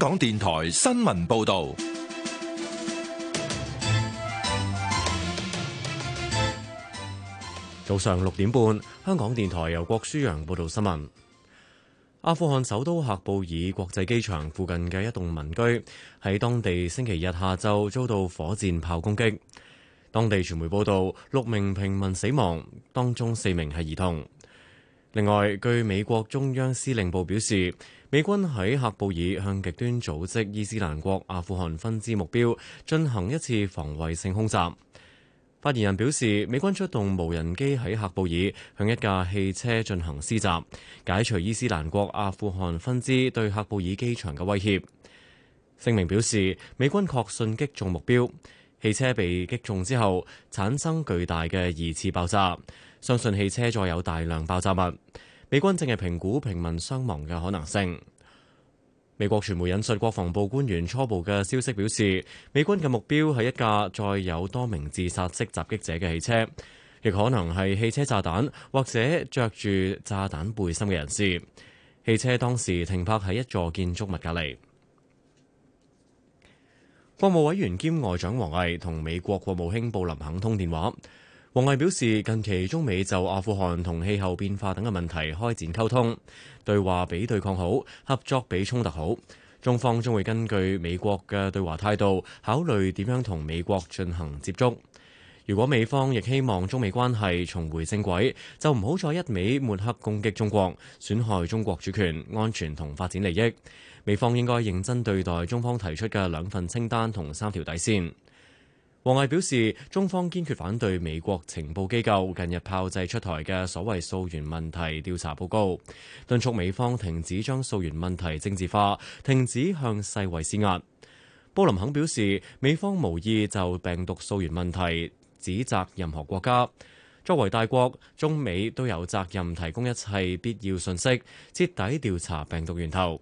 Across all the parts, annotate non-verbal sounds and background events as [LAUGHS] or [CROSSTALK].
香港電台新聞報道，早上六點半，香港電台由郭書洋報道新聞。阿富汗首都喀布爾國際機場附近嘅一棟民居喺當地星期日下晝遭到火箭炮攻擊，當地傳媒報道六名平民死亡，當中四名係兒童。另外，據美國中央司令部表示，美軍喺喀布爾向極端組織伊斯蘭國阿富汗分支目標進行一次防衛性空襲。發言人表示，美軍出動無人機喺喀布爾向一架汽車進行施襲，解除伊斯蘭國阿富汗分支對喀布爾機場嘅威脅。聲明表示，美軍確信擊中目標，汽車被擊中之後產生巨大嘅二次爆炸。相信汽車載有大量爆炸物，美軍正係評估平民傷亡嘅可能性。美國傳媒引述國防部官員初步嘅消息表示，美軍嘅目標係一架載有多名自殺式襲擊者嘅汽車，亦可能係汽車炸彈或者着住炸彈背心嘅人士。汽車當時停泊喺一座建築物隔離。國務委員兼外長王毅同美國國務卿布林肯通電話。王毅表示，近期中美就阿富汗同氣候變化等嘅問題開展溝通，對話比對抗好，合作比衝突好。中方將會根據美國嘅對話態度，考慮點樣同美國進行接觸。如果美方亦希望中美關係重回正軌，就唔好再一味抹黑攻擊中國，損害中國主權、安全同發展利益。美方應該認真對待中方提出嘅兩份清單同三條底線。王毅表示，中方堅決反對美國情報機構近日炮製出台嘅所謂溯源問題調查報告，敦促美方停止將溯源問題政治化，停止向世衛施壓。布林肯表示，美方無意就病毒溯源問題指責任何國家。作為大國，中美都有責任提供一切必要信息，徹底調查病毒源頭，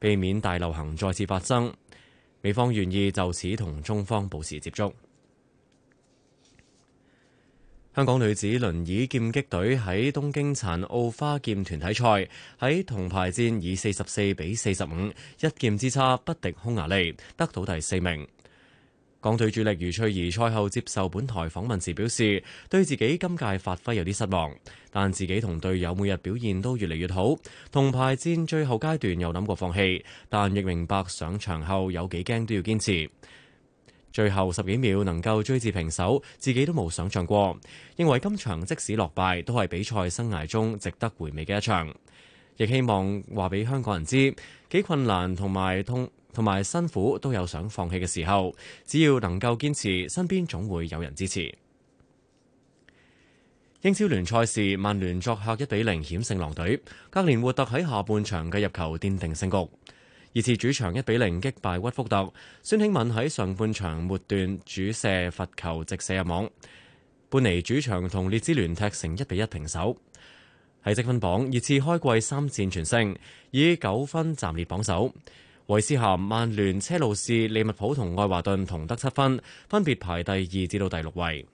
避免大流行再次發生。美方願意就此同中方保持接觸。香港女子輪椅劍擊隊喺東京殘奧花劍團體賽喺銅牌戰以四十四比四十五一劍之差不敵匈牙利，得到第四名。港隊主力余翠怡賽後接受本台訪問時表示，對自己今屆發揮有啲失望，但自己同隊友每日表現都越嚟越好。銅牌戰最後階段又諗過放棄，但亦明白上場後有幾驚都要堅持。最後十幾秒能夠追至平手，自己都冇想象過。認為今場即使落敗，都係比賽生涯中值得回味嘅一場。亦希望話俾香港人知，幾困難同埋痛同埋辛苦都有想放棄嘅時候，只要能夠堅持，身邊總會有人支持。 [NOISE] 英超聯賽時，曼聯作客一比零險勝狼隊，格連活特喺下半場嘅入球奠定勝局。熱刺主場一比零擊敗屈福特，孫興敏喺上半場末段主射罰球直射入網。半尼主場同列支聯踢成一比一平手。喺積分榜，熱刺開季三戰全勝，以九分暫列榜首。韋斯咸、曼聯、車路士、利物浦同愛華頓同得七分，分別排第二至到第六位。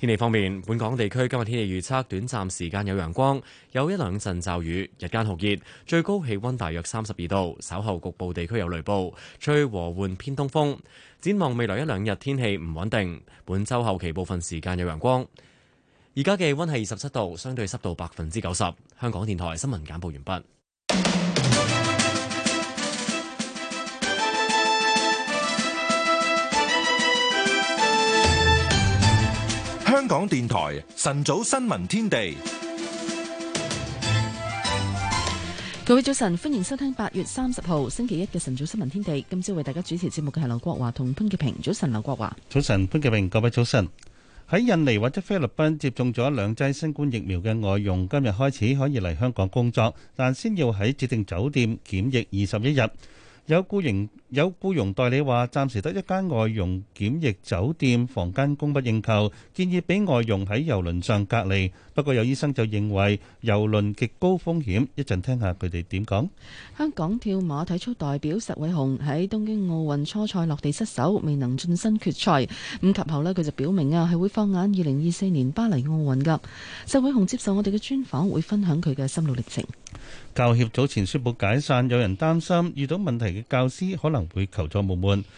天氣方面，本港地區今日天氣預測，短暫時間有陽光，有一兩陣驟雨，日間酷熱，最高氣溫大約三十二度。稍後局部地區有雷暴，吹和緩偏東風。展望未來一兩日天氣唔穩定，本週後期部分時間有陽光。而家嘅溫係二十七度，相對濕度百分之九十。香港電台新聞簡報完畢。港電台晨早新聞天地，各位早晨，歡迎收聽八月三十號星期一嘅晨早新聞天地。今朝為大家主持節目嘅係劉國華同潘潔平。早晨，劉國華。早晨，潘潔平。各位早晨。喺印尼或者菲律賓接種咗兩劑新冠疫苗嘅外傭，今日開始可以嚟香港工作，但先要喺指定酒店檢疫二十一日。有雇傭有雇傭代理話，暫時得一間外傭檢疫酒店，房間供不應求，建議俾外傭喺郵輪上隔離。不過有醫生就認為郵輪極高風險，一陣聽下佢哋點講。香港跳馬體操代表石偉雄喺東京奧運初賽落地失手，未能晉身決賽。咁及後呢，佢就表明啊，係會放眼二零二四年巴黎奧運㗎。石偉雄接受我哋嘅專訪，會分享佢嘅心路歷程。教協早前宣布解散，有人擔心遇到問題嘅教師可能會求助無門。 [NOISE]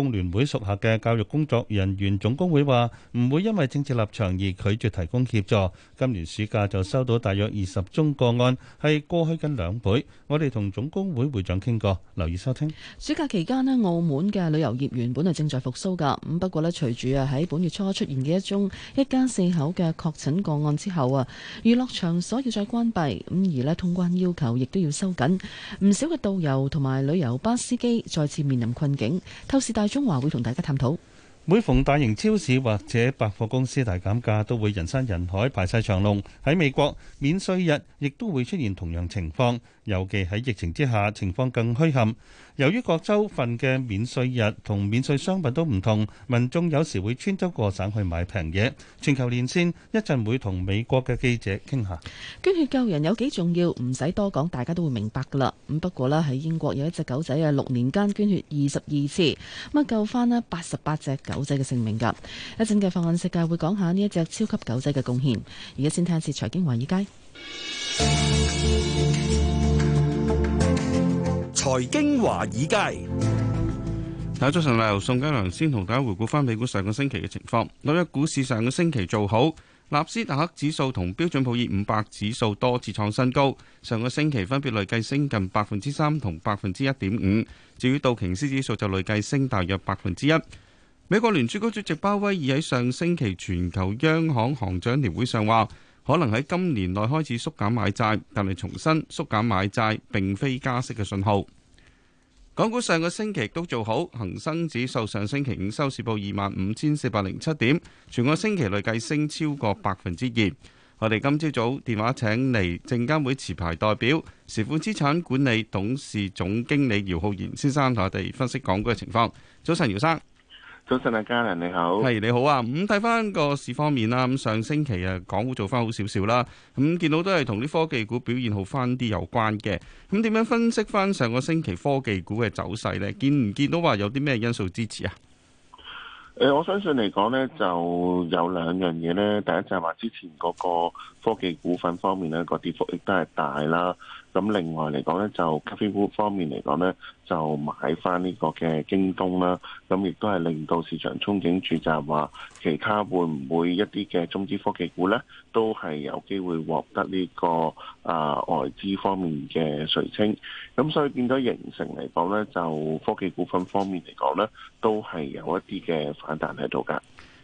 工聯會屬下嘅教育工作人員總工會話唔會因為政治立場而拒絕提供協助。今年暑假就收到大約二十宗個案，係過去近兩倍。我哋同總工會會長傾過，留意收聽。暑假期間咧，澳門嘅旅遊業原本係正在復蘇噶，咁不過咧，隨住啊喺本月初出現嘅一宗一家四口嘅確診個案之後啊，娛樂場所要再關閉，咁而呢通關要求亦都要收緊，唔少嘅導遊同埋旅遊巴司機再次面臨困境。透視大。中華會同大家探討。每逢大型超市或者百貨公司大減價，都會人山人海排，排晒長龍。喺美國免稅日，亦都會出現同樣情況。尤其喺疫情之下，情況更虛陷。由於各州份嘅免稅日同免稅商品都唔同，民眾有時會穿州過省去買平嘢。全球連線一陣會同美國嘅記者傾下。捐血救人有幾重要，唔使多講，大家都會明白㗎啦。咁不過咧，喺英國有一隻狗仔啊，六年間捐血二十二次，乜救翻咧八十八隻狗仔嘅性命㗎。一陣嘅《放眼世界》會講下呢一隻超級狗仔嘅貢獻。而家先聽一次財經華爾街。財經華爾街，大家早上嚟，由宋家良先同大家回顧翻美股上個星期嘅情況。紐約股市上個星期做好，納斯達克指數同標準普爾五百指數多次創新高，上個星期分別累計升近百分之三同百分之一點五。至於道瓊斯指數就累計升大約百分之一。美國聯儲局主席鮑威爾喺上星期全球央行行長年會上話，可能喺今年內開始縮減買債，但係重新縮減買債並非加息嘅信號。港股上個星期都做好，恒生指數上星期五收市報二萬五千四百零七點，全個星期累計升超過百分之二。我哋今朝早電話請嚟證監會持牌代表、時富資產管理董事總經理姚浩然先生，同我哋分析港股嘅情況。早晨，姚生。早晨啊，嘉良你好，係你好啊。咁睇翻個市方面啦，咁上星期啊，港股做翻好少少啦。咁見到都係同啲科技股表現好翻啲有關嘅。咁點樣分析翻上個星期科技股嘅走勢呢？見唔見到話有啲咩因素支持啊？誒、欸，我相信嚟講呢，就有兩樣嘢呢。第一就係話之前嗰個科技股份方面呢，個跌幅亦都係大啦。咁另外嚟講呢，就咖啡股方面嚟講呢，就買翻呢個嘅京東啦。咁亦都係令到市場憧憬住就係話，其他會唔會一啲嘅中資科技股呢，都係有機會獲得呢、呢個啊、呃、外資方面嘅垂青。咁所以變咗形成嚟講呢，就科技股份方面嚟講呢，都係有一啲嘅反彈喺度噶。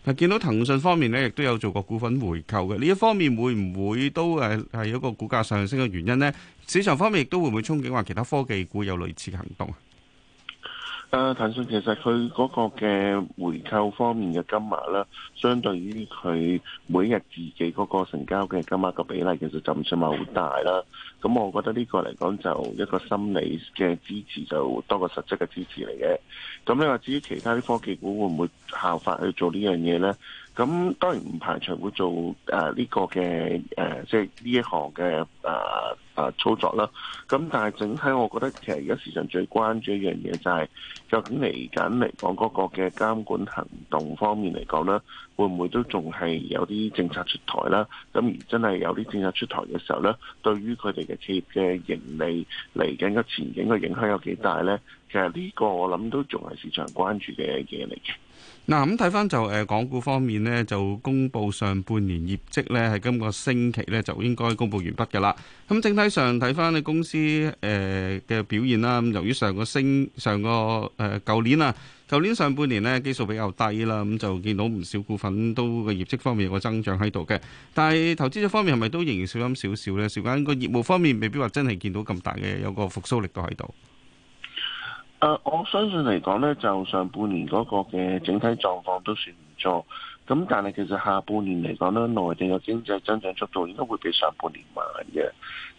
嗱，見到騰訊方面咧，亦都有做過股份回購嘅呢一方面，會唔會都係係一個股價上升嘅原因呢？市場方面亦都會唔會憧憬話其他科技股有類似嘅行動啊？誒、呃，騰訊其實佢嗰個嘅回購方面嘅金額啦，相對於佢每日自己嗰個成交嘅金額嘅比例，其實就唔算話好大啦。咁我覺得呢個嚟講，就一個心理嘅支持，就多過實質嘅支持嚟嘅。咁你話至於其他啲科技股會唔會效法去做呢樣嘢咧？咁當然唔排除會做誒呢個嘅誒，即係呢一行嘅誒誒操作啦。咁但係整體，我覺得其實而家市場最關注一樣嘢，就係究竟嚟緊嚟講，嗰個嘅監管行動方面嚟講咧，會唔會都仲係有啲政策出台啦？咁而真係有啲政策出台嘅時候咧，對於佢哋嘅企業嘅盈利嚟緊嘅前景嘅影響有幾大咧？其實呢個我諗都仲係市場關注嘅嘢嚟嘅。嗱，咁睇翻就誒港股方面呢，就公布上半年業績呢，喺今個星期呢，就應該公布完畢嘅啦。咁整體上睇翻嘅公司誒嘅表現啦，咁由於上個星上個誒呃，舊年啊，舊年上半年呢，基數比較低啦，咁就見到唔少股份都個業績方面有個增長喺度嘅。但係投資者方面係咪都仍然小心少少咧？小緊個業務方面未必話真係見到咁大嘅有個復甦力度喺度。Uh, 我相信嚟講呢，就上半年嗰個嘅整體狀況都算唔錯。咁，但係其實下半年嚟講呢，內地嘅經濟增長速度應該會比上半年慢嘅。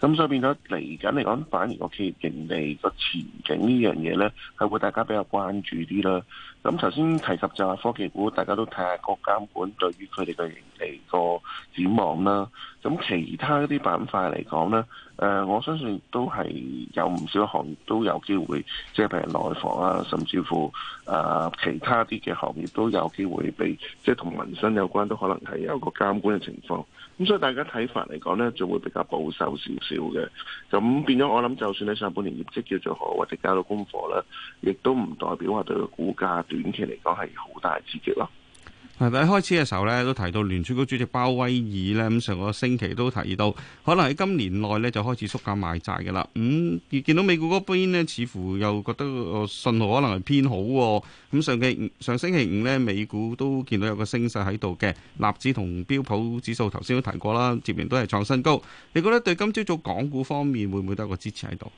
咁所以變咗嚟緊嚟講，反而個企業盈利個前景呢樣嘢咧，係會大家比較關注啲啦。咁頭先提及就係科技股，大家都睇下個監管對於佢哋嘅盈利個展望啦。咁其他啲板塊嚟講咧，誒，我相信都係有唔少行業都有機會，即係譬如內房啊，甚至乎誒其他啲嘅行業都有機會被，即係同民生有關，都可能係有個監管嘅情況。咁所以大家睇法嚟講咧，就會比較保守少少嘅。咁變咗，我諗就算你上半年業績叫做好，或者交到功課啦，亦都唔代表話對個股價短期嚟講係好大刺激咯。喺開始嘅時候咧，都提到聯儲局主席鮑威爾咧，咁上個星期都提到，可能喺今年內咧就開始縮減買債嘅啦。咁、嗯、見到美股嗰邊呢，似乎又覺得個信號可能係偏好、哦。咁上期上星期五咧，美股都見到有個升勢喺度嘅，納指同標普指數，頭先都提過啦，接連都係創新高。你覺得對今朝早港股方面會唔會得個支持喺度？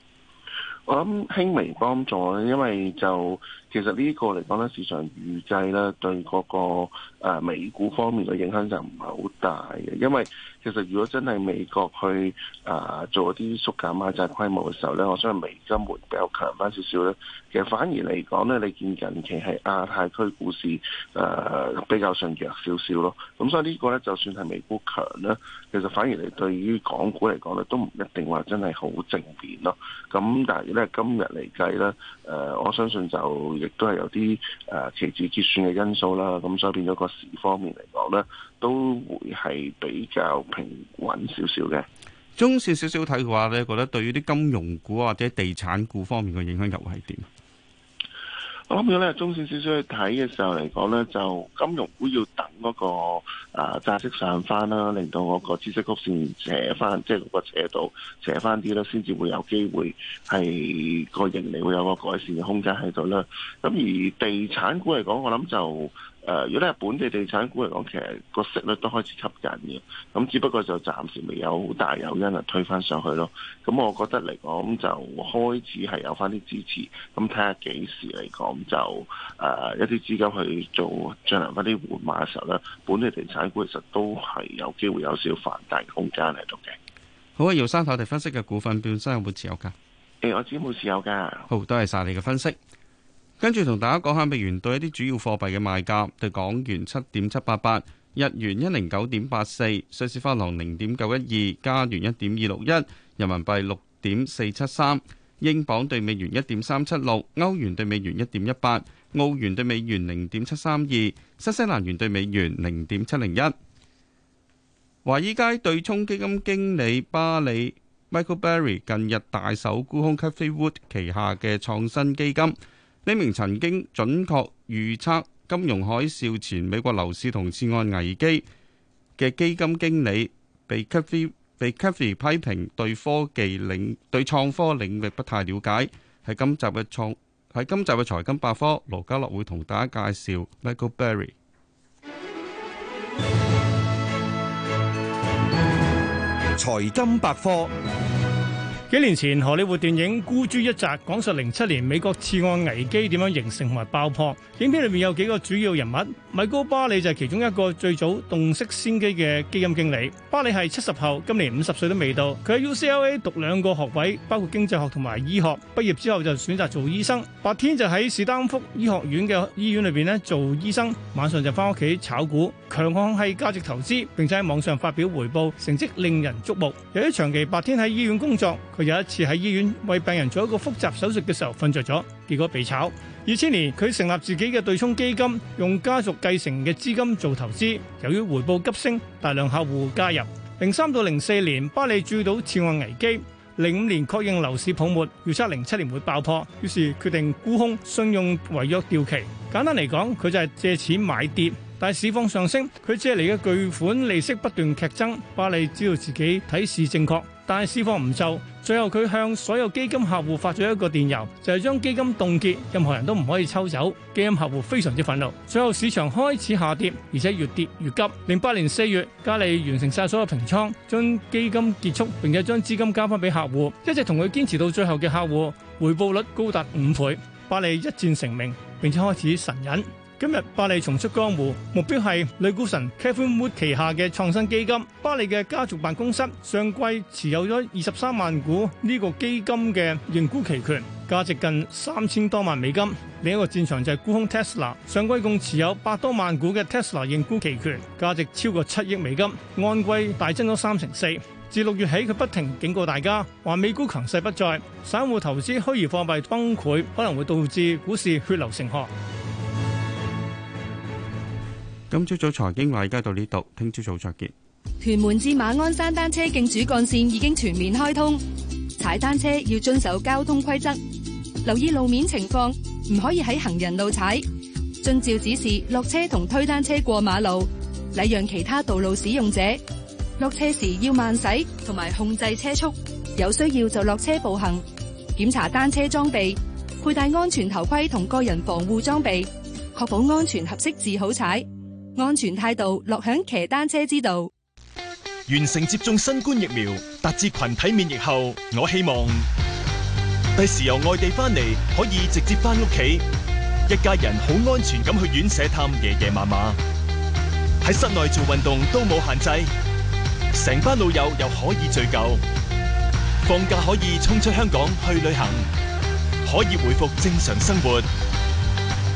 我諗輕微幫助，因為就。其實個講，呢個嚟講呢，市場預計呢，對嗰個誒、啊、美股方面嘅影響就唔係好大嘅，因為其實如果真係美國去誒做啲縮減啊、買債規模嘅時候呢，我相信美金會比較強翻少少呢，其實反而嚟講呢，你見近期係亞太區股市誒、啊、比較上弱少少咯。咁所以呢個呢，就算係美股強呢，其實反而嚟對於港股嚟講呢，都唔一定話真係好正面咯。咁但係咧，今日嚟計呢，誒、啊，我相信就。亦都係有啲誒期指結算嘅因素啦，咁所以變咗個時方面嚟講咧，都會係比較平穩少少嘅。中線少少睇嘅話咧，你覺得對於啲金融股或者地產股方面嘅影響又會係點？我諗到咧，中線少少去睇嘅時候嚟講咧，就金融股要等嗰個啊債息上翻啦，令到嗰個知識曲線斜翻，即係個斜度斜翻啲咧，先至會有機會係個盈利會有個改善嘅空間喺度啦。咁而地產股嚟講，我諗就。誒，如果係本地地產股嚟講，其實個息率都開始吸引嘅，咁只不過就暫時未有好大誘因嚟推翻上去咯。咁我覺得嚟講，就開始係有翻啲支持，咁睇下幾時嚟講就誒一啲資金去做進行一啲換馬嘅時候咧，本地地產股其實都係有機會有少少反彈嘅空間嚟到嘅。好啊，姚生，我哋分析嘅股份本身有冇持有㗎？誒、欸，我自己冇持有㗎。好，多謝晒你嘅分析。跟住同大家講下美元對一啲主要貨幣嘅賣價，對港元七點七八八，日元一零九點八四，瑞士法郎零點九一二，加元一點二六一，人民幣六點四七三，英鎊對美元一點三七六，歐元對美元一點一八，澳元對美元零點七三二，新西蘭元對美元零點七零一。華爾街對沖基金經理巴里 Michael Burry 近日大手沽空 Cathie Wood 旗下嘅創新基金。呢名曾經準確預測金融海嘯前美國樓市同次按危機嘅基金經理，被 Kathy 被 Kathy 批評對科技領對創科領域不太了解，喺今集嘅創喺今集嘅財金百科，羅家樂會同大家介紹 Michael Berry。財金百科。幾年前荷里活電影孤注一擲，講述零七年美國次按危機點樣形成同埋爆破。影片裏面有幾個主要人物，米高巴里就係其中一個最早洞悉先機嘅基金經理。巴里係七十後，今年五十歲都未到。佢喺 UCLA 讀兩個學位，包括經濟學同埋醫學。畢業之後就選擇做醫生，白天就喺史丹福醫學院嘅醫院裏邊咧做醫生，晚上就翻屋企炒股，強項係價值投資，並且喺網上發表回報，成績令人矚目。由於長期白天喺醫院工作。佢有一次喺醫院為病人做一個複雜手術嘅時候瞓着咗，結果被炒。二千年佢成立自己嘅對沖基金，用家族繼承嘅資金做投資。由於回報急升，大量客戶加入。零三到零四年，巴利注意到次按危機。零五年確認樓市泡沫，預測零七年會爆破，於是決定沽空信用違約掉期。簡單嚟講，佢就係借錢買跌，但係市況上升，佢借嚟嘅巨款利息不斷劇增。巴利知道自己睇市正確。但係師方唔就，最後佢向所有基金客戶發咗一個電郵，就係、是、將基金凍結，任何人都唔可以抽走。基金客戶非常之憤怒，最後市場開始下跌，而且越跌越急。零八年四月，加利完成晒所有平倉，將基金結束，並且將資金交翻俾客戶。一直同佢堅持到最後嘅客戶，回報率高達五倍，巴利一戰成名，並且開始神隱。今日巴利重出江湖，目標係女股神 Cathie Wood 旗下嘅創新基金。巴利嘅家族辦公室上季持有咗二十三萬股呢個基金嘅認沽期權，價值近三千多萬美金。另一個戰場就係沽空 Tesla，上季共持有百多萬股嘅 Tesla 認沽期權，價值超過七億美金，按季大增咗三成四。自六月起，佢不停警告大家話：美股強勢不再，散戶投資虛擬貨幣崩潰，可能會導致股市血流成河。今朝早財經，話，而家到呢度。聽朝早再見。屯門至馬鞍山單車徑主幹線已經全面開通，踩單車要遵守交通規則，留意路面情況，唔可以喺行人路踩。遵照指示落車同推單車過馬路，禮讓其他道路使用者。落車時要慢駛同埋控制車速，有需要就落車步行。檢查單車裝備，佩戴安全頭盔同個人防護裝備，確保安全，合適至好踩。安全態度，落響騎單車之道。完成接種新冠疫苗，達至群體免疫後，我希望第時由外地翻嚟，可以直接翻屋企，一家人好安全咁去院舍探爺爺嫲嫲。喺室內做運動都冇限制，成班老友又可以聚舊，放假可以衝出香港去旅行，可以回復正常生活。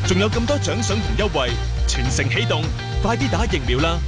仲有咁多獎賞同優惠，全城啟動，快啲打疫苗啦！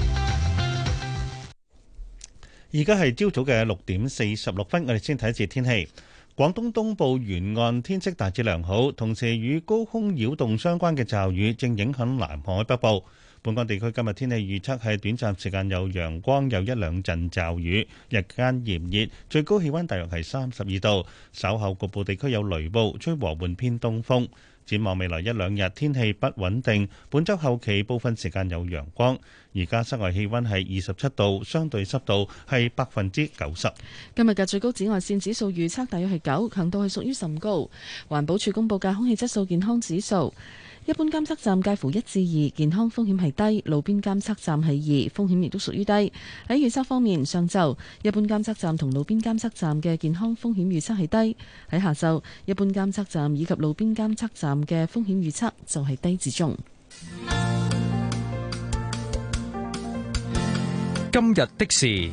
而家係朝早嘅六點四十六分，我哋先睇一次天氣。廣東東部沿岸天色大致良好，同時與高空擾動相關嘅驟雨正影響南海北部。本港地區今日天氣預測係短暫時間有陽光，有一兩陣驟雨，日間炎熱，最高氣溫大約係三十二度。稍後局部地區有雷暴，吹和緩偏東風。展望未來一兩日天氣不穩定，本週後期部分時間有陽光。而家室外氣温係二十七度，相對濕度係百分之九十。今日嘅最高紫外線指數預測大約係九，強度係屬於甚高。環保署公佈嘅空氣質素健康指數。一般監測站介乎一至二，健康風險係低；路邊監測站係二，風險亦都屬於低。喺預測方面，上晝一般監測站同路邊監測站嘅健康風險預測係低；喺下晝，一般監測站以及路邊監測站嘅風險預測就係低至中。今日的事。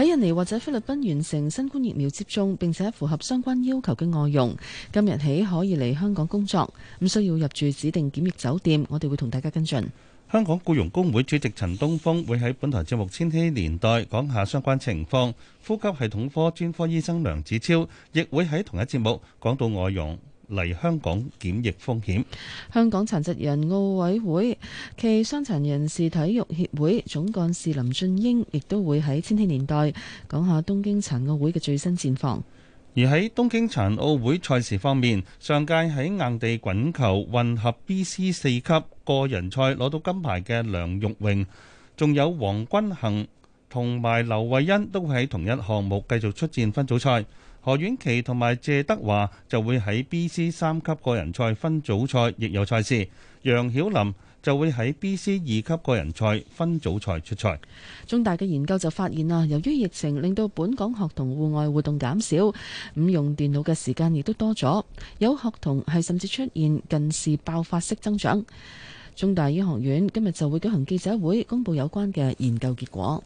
喺印尼或者菲律賓完成新冠疫苗接種並且符合相關要求嘅外傭，今日起可以嚟香港工作，唔需要入住指定檢疫酒店，我哋會同大家跟進。香港僱傭工會主席陳東峯會喺本台節目《千禧年代》講下相關情況，呼吸系統科專科醫生梁子超亦會喺同一節目講到外傭。嚟香港檢疫風險。香港殘疾人奧委會暨傷殘人士體育協會總幹事林俊英亦都會喺千禧年代講下東京殘奧會嘅最新戰況。而喺東京殘奧會賽事方面，上屆喺硬地滾球混合 B C 四級個人賽攞到金牌嘅梁玉榮，仲有黃君恆同埋劉慧欣都喺同一項目繼續出戰分組賽。何婉琪同埋謝德華就會喺 B C 三級個人賽分組賽亦有賽事，楊曉琳就會喺 B C 二級個人賽分組賽出賽。中大嘅研究就發現啊，由於疫情令到本港學童戶外活動減少，咁用電腦嘅時間亦都多咗，有學童係甚至出現近視爆發式增長。中大醫學院今日就會舉行記者會，公佈有關嘅研究結果。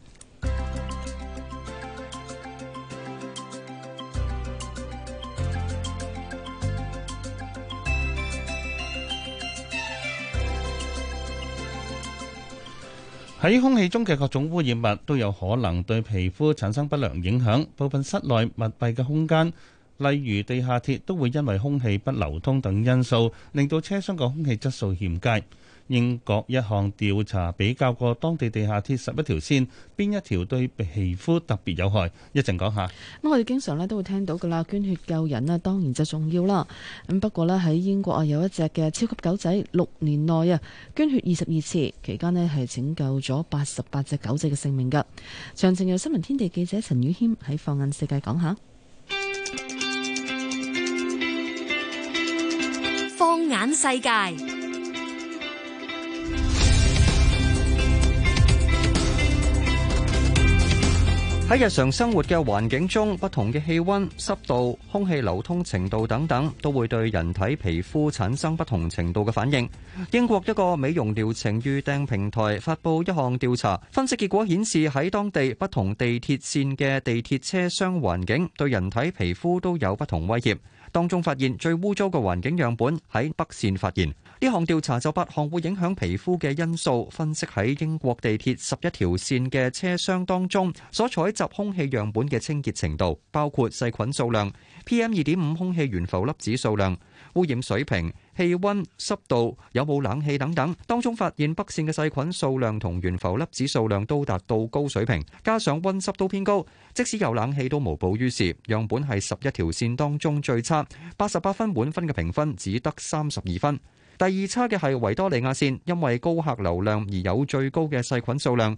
喺空氣中嘅各種污染物都有可能對皮膚產生不良影響。部分室內密閉嘅空間，例如地下鐵，都會因為空氣不流通等因素，令到車廂嘅空氣質素欠佳。英國一項調查比較過當地地下鐵十一條線邊一條對皮膚特別有害？一陣講下。咁我哋經常咧都會聽到噶啦，捐血救人啊，當然就重要啦。咁不過呢，喺英國啊，有一隻嘅超級狗仔，六年內啊捐血二十二次，期間咧係拯救咗八十八隻狗仔嘅性命噶。詳情由新聞天地記者陳宇謙喺放眼世界講下。放眼世界。喺日常生活嘅環境中，不同嘅氣溫、濕度、空氣流通程度等等，都會對人體皮膚產生不同程度嘅反應。英國一個美容療程預訂平台發布一項調查，分析結果顯示喺當地不同地鐵線嘅地鐵車廂環境對人體皮膚都有不同威脅，當中發現最污糟嘅環境樣本喺北線發現。呢項調查就八項會影響皮膚嘅因素，分析喺英國地鐵十一條線嘅車廂當中所採。集空氣樣本嘅清潔程度，包括細菌數量、PM 二點五空氣懸浮粒子數量、污染水平、氣溫、濕度、有冇冷氣等等。當中發現北綫嘅細菌數量同懸浮粒子數量都達到高水平，加上溫濕度偏高，即使有冷氣都無補於事。樣本係十一條綫當中最差，八十八分滿分嘅評分只得三十二分。第二差嘅係維多利亞綫，因為高客流量而有最高嘅細菌數量。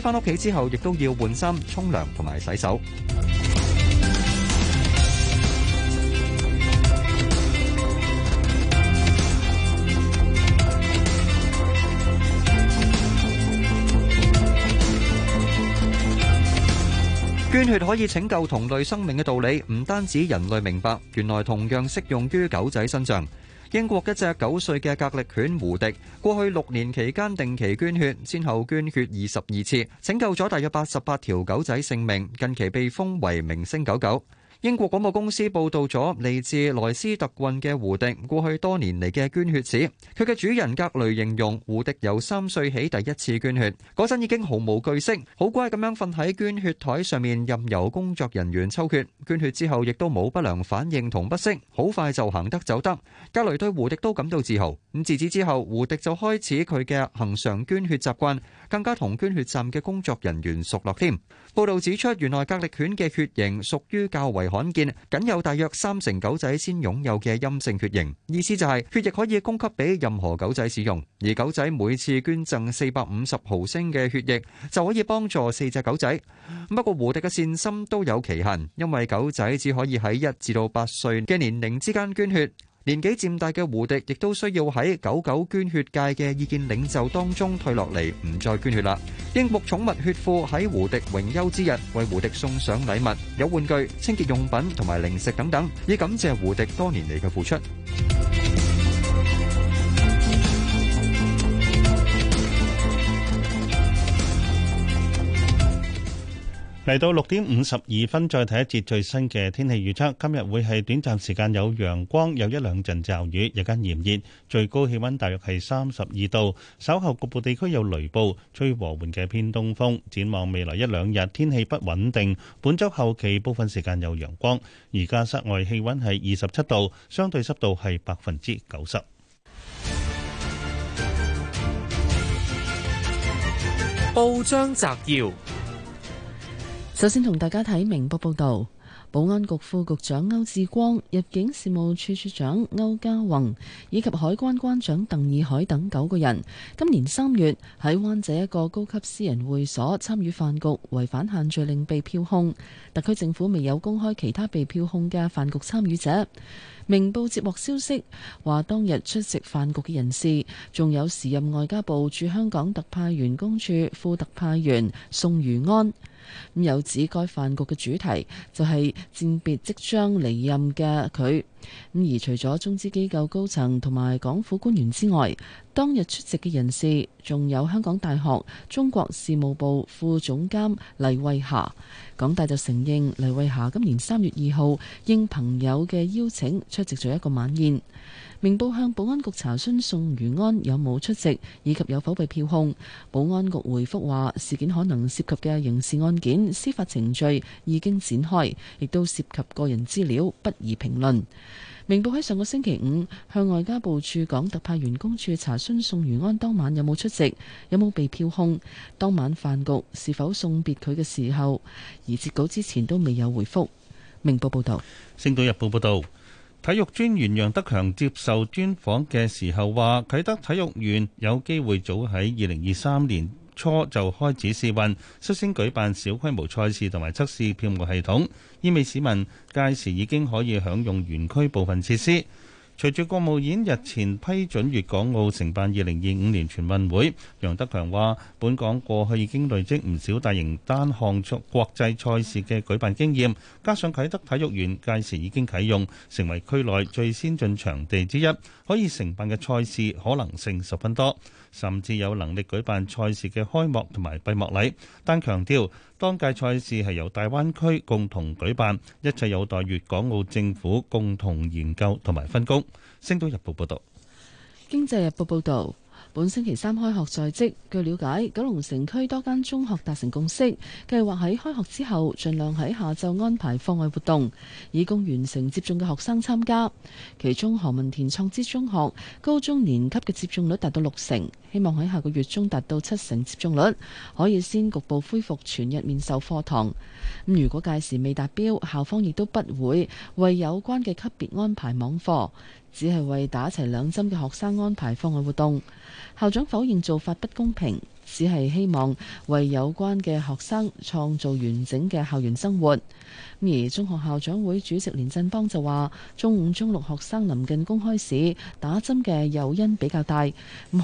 翻屋企之後，亦都要換衫、沖涼同埋洗手。捐血可以拯救同類生命嘅道理，唔單止人類明白，原來同樣適用於狗仔身上。英國一隻九歲嘅格力犬胡迪，過去六年期間定期捐血，先後捐血二十二次，拯救咗大約八十八條狗仔性命，近期被封為明星狗狗。英國廣播公司報道咗嚟自萊斯特郡嘅胡迪，過去多年嚟嘅捐血史。佢嘅主人格雷形容胡迪由三歲起第一次捐血，嗰陣已經毫無懼色，好乖咁樣瞓喺捐血台上面任由工作人員抽血。捐血之後亦都冇不良反應同不適，好快就行得走得。格雷對胡迪都感到自豪。咁自此之後，胡迪就開始佢嘅恒常捐血習慣。更加同捐血站嘅工作人員熟絡添。報導指出，原來格力犬嘅血型屬於較為罕見，僅有大約三成狗仔先擁有嘅陰性血型。意思就係血液可以供給俾任何狗仔使用，而狗仔每次捐贈四百五十毫升嘅血液就可以幫助四隻狗仔。不過，胡迪嘅善心都有期限，因為狗仔只可以喺一至到八歲嘅年齡之間捐血。年紀漸大嘅胡迪亦都需要喺狗狗捐血界嘅意見領袖當中退落嚟，唔再捐血啦。英國寵物血庫喺胡迪榮休之日為胡迪送上禮物，有玩具、清潔用品同埋零食等等，以感謝胡迪多年嚟嘅付出。嚟到六點五十二分，再睇一節最新嘅天氣預測。今日會係短暫時間有陽光，有一兩陣驟雨，日間炎熱，最高氣溫大約係三十二度。稍後局部地區有雷暴，吹和緩嘅偏東風。展望未來一兩日天氣不穩定。本周後期部分時間有陽光。而家室外氣溫係二十七度，相對濕度係百分之九十。報章摘要。首先同大家睇明報報道。保安局副局長歐志光、入境事務處處長歐家宏以及海關關長鄧以海等九個人，今年三月喺灣仔一個高級私人會所參與飯局，違反限聚令被票控。特區政府未有公開其他被票控嘅飯局參與者。明報接獲消息，話當日出席飯局嘅人士仲有時任外交部駐香港特派員公署副特派員宋如安。咁有指該飯局嘅主題就係餞別即將離任嘅佢，咁而除咗中資機構高層同埋港府官員之外，當日出席嘅人士仲有香港大學中國事務部副總監黎慧霞。港大就承認黎慧霞今年三月二號應朋友嘅邀請出席咗一個晚宴。明報向保安局查詢宋如安有冇出席，以及有否被票控。保安局回覆話，事件可能涉及嘅刑事案件司法程序已經展開，亦都涉及個人資料，不宜評論。明報喺上個星期五向外交部駐港特派員公署查詢宋如安當晚有冇出席，有冇被票控，當晚飯局是否送別佢嘅時候，而截稿之前都未有回覆。明報報道，星島日報報道。體育專員楊德強接受專訪嘅時候話：啟德體育園有機會早喺二零二三年初就開始試運，率先舉辦小規模賽事同埋測試票務系統，意味市民屆時已經可以享用園區部分設施。隨住國務院日前批准粵港澳承辦二零二五年全運會，楊德強話：本港過去已經累積唔少大型單項國際賽事嘅舉辦經驗，加上啟德體育園屆時已經啟用，成為區內最先進場地之一，可以承辦嘅賽事可能性十分多。甚至有能力舉辦賽事嘅開幕同埋閉幕禮，但強調當屆賽事係由大灣區共同舉辦，一切有待粵港澳政府共同研究同埋分工。星島日報報導，經濟日報報導。本星期三開學在即，據了解，九龍城區多間中學達成共識，計劃喺開學之後，盡量喺下晝安排課外活動，以供完成接種嘅學生參加。其中，何文田創資中學高中年級嘅接種率達到六成，希望喺下個月中達到七成接種率，可以先局部恢復全日面授課堂。如果屆時未達標，校方亦都不會為有關嘅級別安排網課。只係為打齊兩針嘅學生安排課外活動，校長否認做法不公平。只係希望為有關嘅學生創造完整嘅校園生活。而中學校長會主席連振邦就話，中五、中六學生臨近公開試打針嘅誘因比較大，咁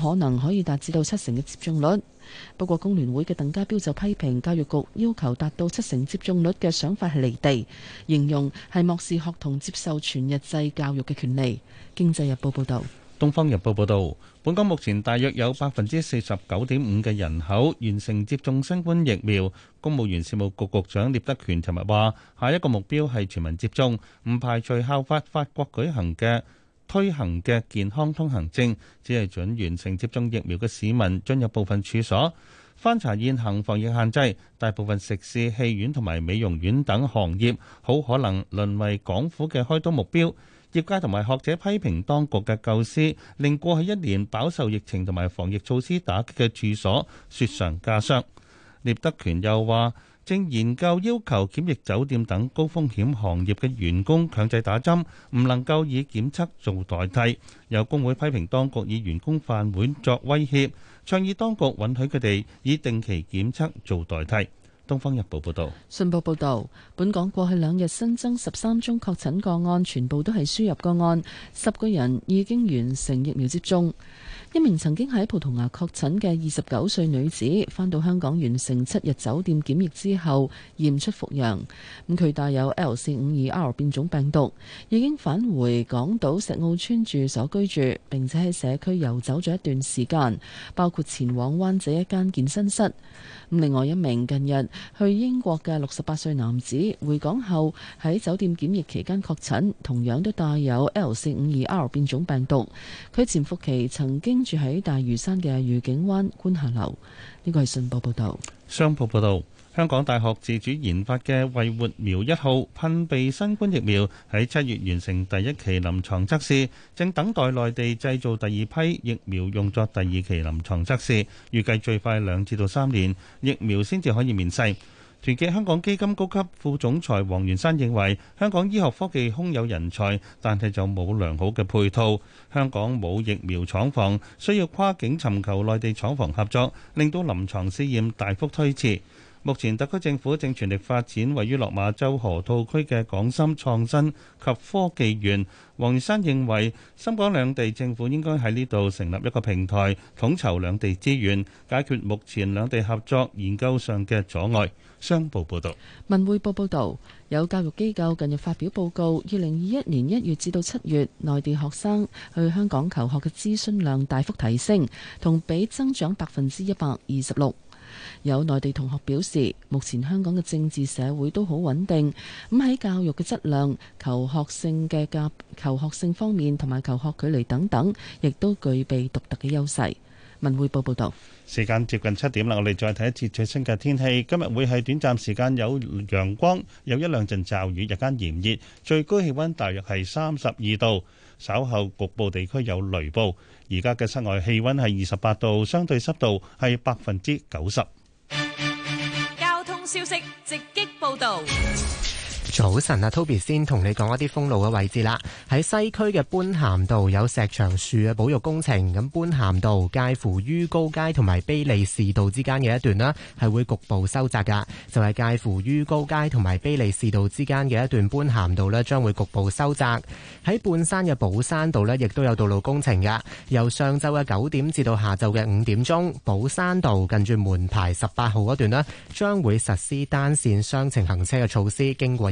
可能可以達至到七成嘅接種率。不過工聯會嘅鄧家彪就批評教育局要求達到七成接種率嘅想法係離地，形容係漠視學童接受全日制教育嘅權利。經濟日報報道。東方日報報導。本港目前大約有百分之四十九點五嘅人口完成接種新冠疫苗。公務員事務局局長聶德權尋日話，下一個目標係全民接種，唔排除效法法國舉行嘅推行嘅健康通行證，只係準完成接種疫苗嘅市民進入部分處所。翻查現行防疫限制，大部分食肆、戲院同埋美容院等行業，好可能淪為港府嘅開刀目標。業界同埋學者批評當局嘅構思，令過去一年飽受疫情同埋防疫措施打擊嘅住所雪上加霜。聶德權又話，正研究要求檢疫酒店等高風險行業嘅員工強制打針，唔能夠以檢測做代替。有工會批評當局以員工飯碗作威脅，倡議當局允許佢哋以定期檢測做代替。《東方日報》報道，信報報道，本港過去兩日新增十三宗確診個案，全部都係輸入個案。十個人已經完成疫苗接種。一名曾經喺葡萄牙確診嘅二十九歲女子，返到香港完成七日酒店檢疫之後，驗出復陽。咁佢帶有 L 四五二 R 變種病毒，已經返回港島石澳村住所居住，並且喺社區遊走咗一段時間，包括前往灣仔一間健身室。另外一名近日，去英國嘅六十八歲男子回港後喺酒店檢疫期間確診，同樣都帶有 L 四五二 R 變種病毒。佢潛伏期曾經住喺大嶼山嘅愉景灣觀霞樓。呢個係信報報道。商報報導。香港大學自主研發嘅維活苗一號噴鼻新冠疫苗喺七月完成第一期臨床測試，正等待內地製造第二批疫苗用作第二期臨床測試，預計最快兩至到三年疫苗先至可以面世。團結香港基金高級副總裁黃元山認為，香港醫學科技空有人才，但係就冇良好嘅配套。香港冇疫苗廠房，需要跨境尋求內地廠房合作，令到臨床試驗大幅推遲。目前特區政府正全力發展位於落馬洲河套區嘅港深創新及科技園。黃玉山認為，深港兩地政府應該喺呢度成立一個平台，統籌兩地資源，解決目前兩地合作研究上嘅阻礙。商報報導，文匯報報道，有教育機構近日發表報告，二零二一年一月至到七月，內地學生去香港求學嘅諮詢量大幅提升，同比增長百分之一百二十六。有內地同學表示，目前香港嘅政治社會都好穩定。咁喺教育嘅質量、求學性嘅甲求學性方面，同埋求學距離等等，亦都具備獨特嘅優勢。文匯報報道。時間接近七點啦，我哋再睇一次最新嘅天氣。今日會係短暫時間有陽光，有一兩陣驟雨。日間炎熱，最高氣温大約係三十二度。稍後局部地區有雷暴。而家嘅室外氣温係二十八度，相對濕度係百分之九十。消息直擊報導。早晨啊，Toby 先同你講一啲封路嘅位置啦。喺西區嘅般咸道有石牆樹嘅保育工程，咁般咸道介乎於高街同埋卑利士道之間嘅一段啦，係會局部收窄噶。就係介乎於高街同埋卑利士道之間嘅一段般咸道咧，將會局部收窄。喺半山嘅寶山道咧，亦都有道路工程噶。由上晝嘅九點至到下晝嘅五點鐘，寶山道近住門牌十八號嗰段咧，將會實施單線雙程行車嘅措施，經過。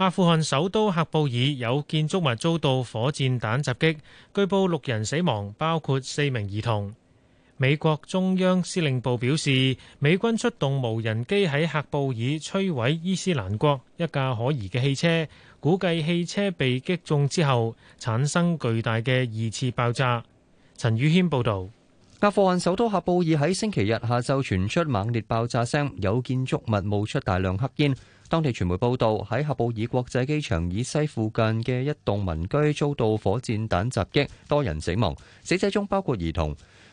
阿富汗首都喀布爾有建築物遭到火箭彈襲擊，據報六人死亡，包括四名兒童。美國中央司令部表示，美軍出動無人機喺喀布爾摧毀伊斯蘭國一架可疑嘅汽車，估計汽車被擊中之後產生巨大嘅二次爆炸。陳宇謙報道。阿富汗首都喀布爾喺星期日下晝傳出猛烈爆炸聲，有建築物冒出大量黑煙。當地傳媒報道，喺喀布爾國際機場以西附近嘅一棟民居遭到火箭彈襲擊，多人死亡，死者中包括兒童。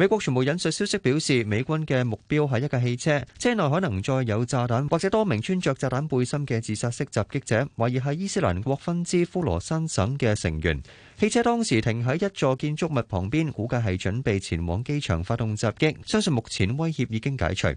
美國傳媒引述消息表示，美軍嘅目標係一架汽車，車內可能載有炸彈，或者多名穿着炸彈背心嘅自殺式襲擊者，懷疑係伊斯蘭國分支呼羅珊省嘅成員。汽車當時停喺一座建築物旁邊，估計係準備前往機場發動襲擊。相信目前威脅已經解除。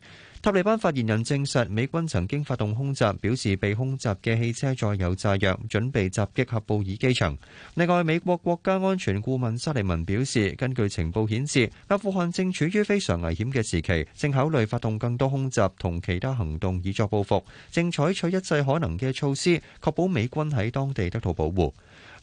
塔利班發言人證實，美軍曾經發動空襲，表示被空襲嘅汽車載有炸藥，準備襲擊喀布爾機場。另外，美國國家安全顧問沙利文表示，根據情報顯示，阿富汗正處於非常危險嘅時期，正考慮發動更多空襲同其他行動以作報復，正採取一切可能嘅措施，確保美軍喺當地得到保護。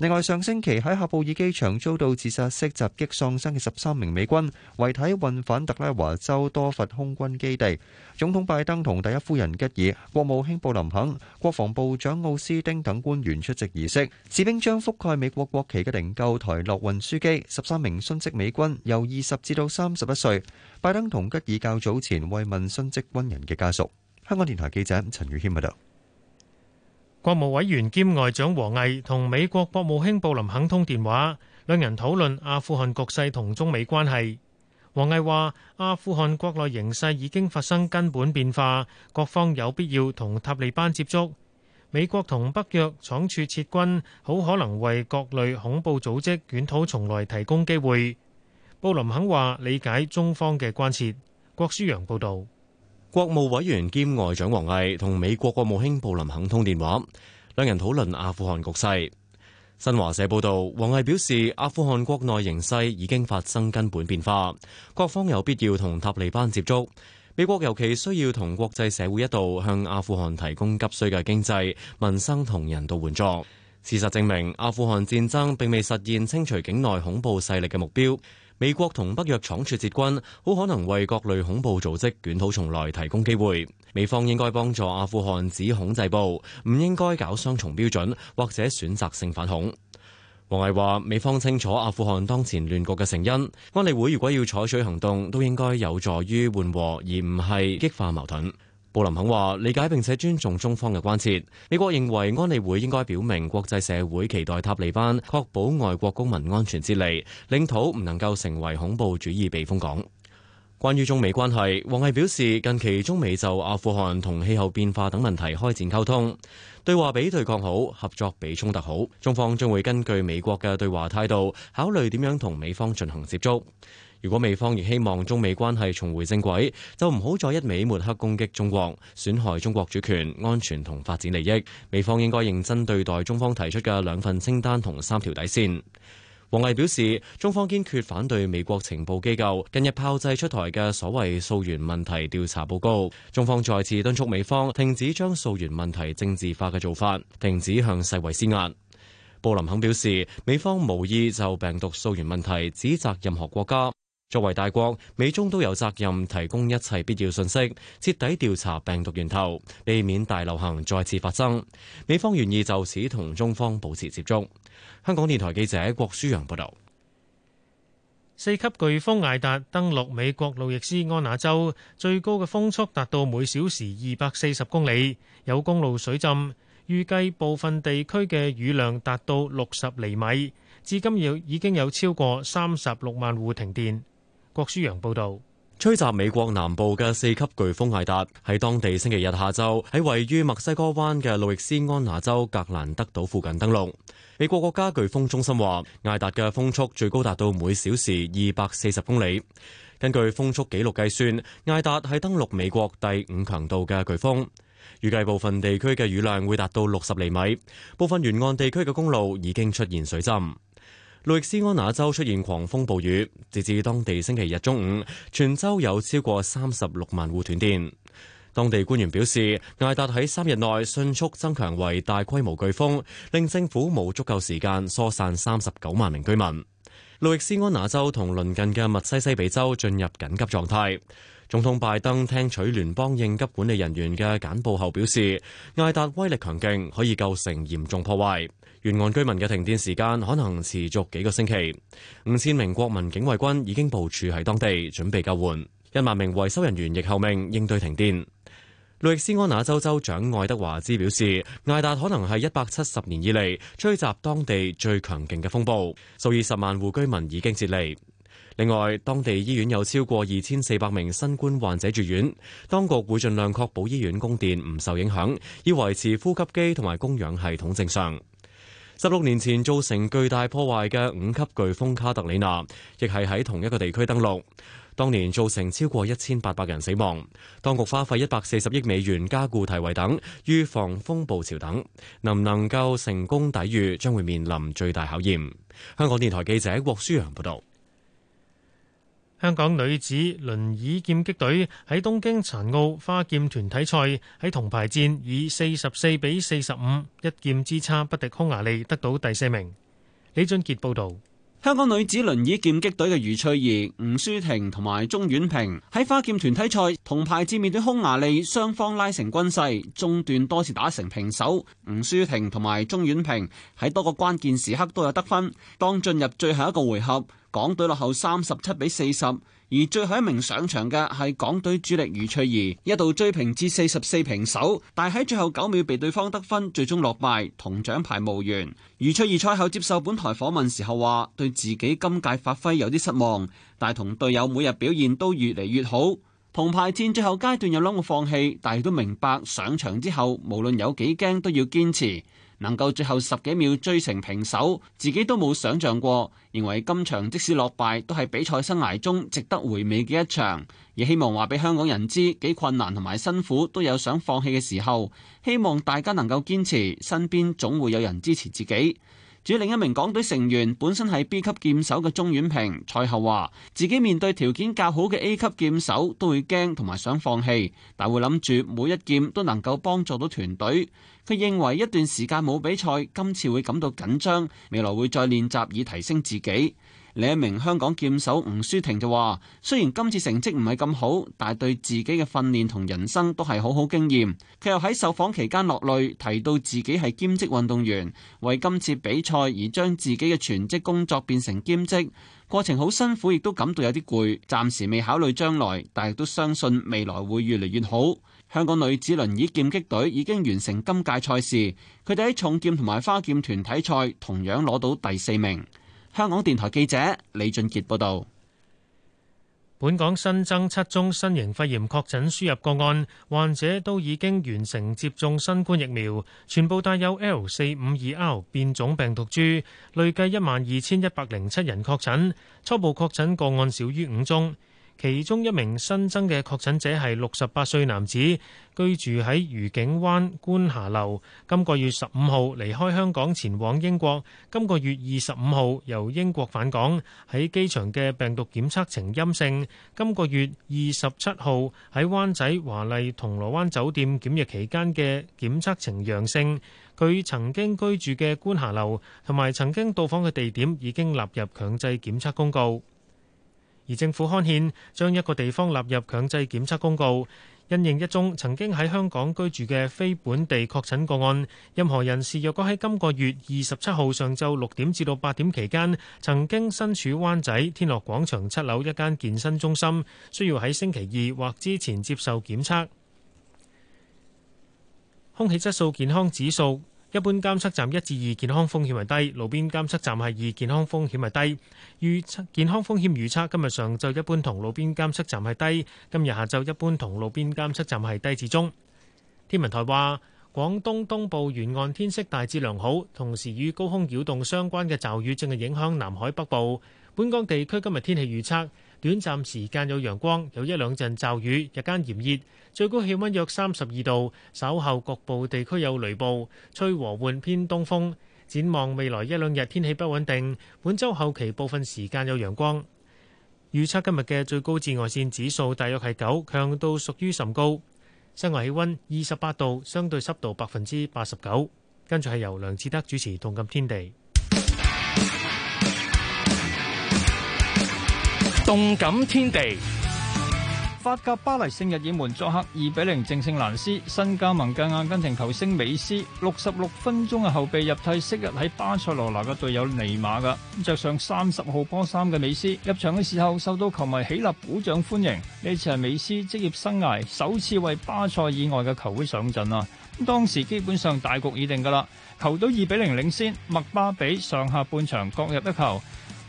另外，上星期喺喀布爾機場遭到自殺式襲擊喪生嘅十三名美軍遺體運返特拉華州多佛空軍基地。總統拜登同第一夫人吉爾、國務卿布林肯、國防部長奧斯丁等官員出席儀式。士兵將覆蓋美國國旗嘅靈柩台落運輸機。十三名殉職美軍由二十至到三十一歲。拜登同吉爾較早前慰問殉職軍人嘅家屬。香港電台記者陳宇軒。國務委員兼外長王毅同美國國務卿布林肯通電話，兩人討論阿富汗局勢同中美關係。王毅話：阿富汗國內形勢已經發生根本變化，各方有必要同塔利班接觸。美國同北約倉促撤軍，好可能為各類恐怖組織捲土重來提供機會。布林肯話：理解中方嘅關切。郭舒陽報道。國務委員兼外長王毅同美國國務卿布林肯通電話，兩人討論阿富汗局勢。新華社報道，王毅表示，阿富汗國內形勢已經發生根本變化，各方有必要同塔利班接觸。美國尤其需要同國際社會一道向阿富汗提供急需嘅經濟、民生同人道援助。事實證明，阿富汗戰爭並未實現清除境內恐怖勢力嘅目標。美國同北約倉促撤軍，好可能為各類恐怖組織捲土重來提供機會。美方應該幫助阿富汗止恐制暴，唔應該搞雙重標準或者選擇性反恐。王毅話：美方清楚阿富汗當前亂局嘅成因，安理會如果要採取行動，都應該有助於緩和，而唔係激化矛盾。布林肯話：理解並且尊重中方嘅關切。美國認為安理會應該表明國際社會期待塔利班確保外國公民安全撤離，領土唔能夠成為恐怖主義避風港。關於中美關係，王毅表示，近期中美就阿富汗同氣候變化等問題開展溝通，對話比對抗好，合作比衝突好。中方將會根據美國嘅對話態度，考慮點樣同美方進行接觸。如果美方亦希望中美關係重回正軌，就唔好再一味抹黑攻擊中國，損害中國主權、安全同發展利益。美方應該認真對待中方提出嘅兩份清單同三條底線。王毅表示，中方堅決反對美國情報機構近日炮製出台嘅所謂溯源問題調查報告。中方再次敦促美方停止將溯源問題政治化嘅做法，停止向世衛施壓。布林肯表示，美方無意就病毒溯源問題指責任何國家。作為大國，美中都有責任提供一切必要信息，徹底調查病毒源頭，避免大流行再次發生。美方願意就此同中方保持接觸。香港電台記者郭舒陽報道：四級颶風艾達登陸美國路易斯安那州，最高嘅風速達到每小時二百四十公里，有公路水浸，預計部分地區嘅雨量達到六十厘米。至今有已經有超過三十六萬戶停電。郭舒陽報道，吹襲美國南部嘅四級颶風艾達喺當地星期日下晝喺位於墨西哥灣嘅路易斯安那州格蘭德島附近登陸。美國國家颶風中心話，艾達嘅風速最高達到每小時二百四十公里。根據風速紀錄計算，艾達係登陸美國第五強度嘅颶風。預計部分地區嘅雨量會達到六十厘米，部分沿岸地區嘅公路已經出現水浸。路易斯安那州出現狂風暴雨，直至當地星期日中午，全州有超過三十六萬戶斷電。當地官員表示，艾達喺三日內迅速增強為大規模颶風，令政府冇足夠時間疏散三十九萬名居民。路易斯安那州同鄰近嘅密西西比州進入緊急狀態。總統拜登聽取聯邦應急管理人員嘅簡報後表示，艾達威力強勁，可以構成嚴重破壞。沿岸居民嘅停電時間可能持續幾個星期。五千名國民警衛軍已經部署喺當地準備救援，一萬名維修人員亦候命應對停電。路易斯安那州州長愛德華茲表示，艾達可能係一百七十年以嚟吹襲當地最強勁嘅風暴，數以十萬戶居民已經撤離。另外，當地醫院有超過二千四百名新冠患者住院。當局會盡量確保醫院供電唔受影響，以維持呼吸機同埋供氧系統正常。十六年前造成巨大破壞嘅五級颶風卡特里娜，亦係喺同一個地區登陸，當年造成超過一千八百人死亡。當局花費一百四十億美元加固堤圍等預防風暴潮等，能唔能夠成功抵禦，將會面臨最大考驗。香港電台記者郭舒揚報道。香港女子輪椅劍擊隊喺東京殘奧花劍團體賽，喺銅牌戰以四十四比四十五一劍之差不敵匈牙利，得到第四名。李俊傑報導。香港女子輪椅劍擊隊嘅余翠怡、吳舒婷同埋鍾婉萍喺花劍團體賽銅牌戰面對匈牙利，雙方拉成均勢，中段多次打成平手。吳舒婷同埋鍾婉萍喺多個關鍵時刻都有得分。當進入最後一個回合，港隊落後三十七比四十。而最後一名上場嘅係港隊主力余翠兒，一度追平至四十四平手，但係喺最後九秒被對方得分，最終落敗，同獎牌無緣。余翠兒賽後接受本台訪問時候話，對自己今屆發揮有啲失望，但係同隊友每日表現都越嚟越好。銅牌戰最後階段有諗過放棄，但係都明白上場之後無論有幾驚都要堅持。能夠最後十幾秒追成平手，自己都冇想象過認為今場即使落敗，都係比賽生涯中值得回味嘅一場。而希望話俾香港人知，幾困難同埋辛苦都有想放棄嘅時候。希望大家能夠堅持，身邊總會有人支持自己。至於另一名港隊成員，本身係 B 級劍手嘅鍾婉平，賽後話自己面對條件較好嘅 A 級劍手都會驚同埋想放棄，但會諗住每一劍都能夠幫助到團隊。佢認為一段時間冇比賽，今次會感到緊張，未來會再練習以提升自己。另一名香港劍手吳舒婷就話：雖然今次成績唔係咁好，但係對自己嘅訓練同人生都係好好經驗。佢又喺受訪期間落淚，提到自己係兼職運動員，為今次比賽而將自己嘅全職工作變成兼職，過程好辛苦，亦都感到有啲攰。暫時未考慮將來，但亦都相信未來會越嚟越好。香港女子輪椅劍擊隊已經完成今屆賽事，佢哋喺重劍同埋花劍團體賽同樣攞到第四名。香港電台記者李俊杰報道。本港新增七宗新型肺炎確診輸入個案，患者都已經完成接種新冠疫苗，全部帶有 L 四五二 R 變種病毒株，累計一萬二千一百零七人確診，初步確診個案少於五宗。其中一名新增嘅確診者係六十八歲男子，居住喺愉景灣觀霞樓。今個月十五號離開香港前往英國，今個月二十五號由英國返港，喺機場嘅病毒檢測呈陰性。今個月二十七號喺灣仔華麗銅鑼灣酒店檢疫期間嘅檢測呈陽性。佢曾經居住嘅觀霞樓同埋曾經到訪嘅地點已經納入強制檢測公告。而政府刊憲，將一個地方納入強制檢測公告，因應一宗曾經喺香港居住嘅非本地確診個案。任何人士若果喺今個月二十七號上晝六點至到八點期間曾經身處灣仔天樂廣場七樓一間健身中心，需要喺星期二或之前接受檢測。空氣質素健康指數。一般監測站一至二，健康風險係低，路邊監測站係二，健康風險係低。預測健康風險。預測今日上晝一般同路邊監測站係低，今日下晝一般同路邊監測站係低至中。天文台話，廣東東部沿岸天色大致良好，同時與高空擾動相關嘅驟雨正係影響南海北部。本港地區今日天氣預測。短暫時間有陽光，有一兩陣驟雨，日間炎熱，最高氣温約三十二度。稍後局部地區有雷暴，吹和緩偏東風。展望未來一兩日天氣不穩定，本周後期部分時間有陽光。預測今日嘅最高紫外綫指數大約係九，強度屬於甚高。室外氣温二十八度，相對濕度百分之八十九。跟住係由梁志德主持《動感天地》。動感天地，法甲巴黎聖日耳門作客二比零正勝蘭斯，新加盟嘅阿根廷球星美斯，六十六分鐘嘅後備入替，昔日喺巴塞羅那嘅隊友尼馬噶，着上三十號波衫嘅美斯，入場嘅時候受到球迷起立鼓掌歡迎，呢次係美斯職業生涯首次為巴塞以外嘅球會上陣啦。咁當時基本上大局已定噶啦，球隊二比零領先，麥巴比上下半場各入一球。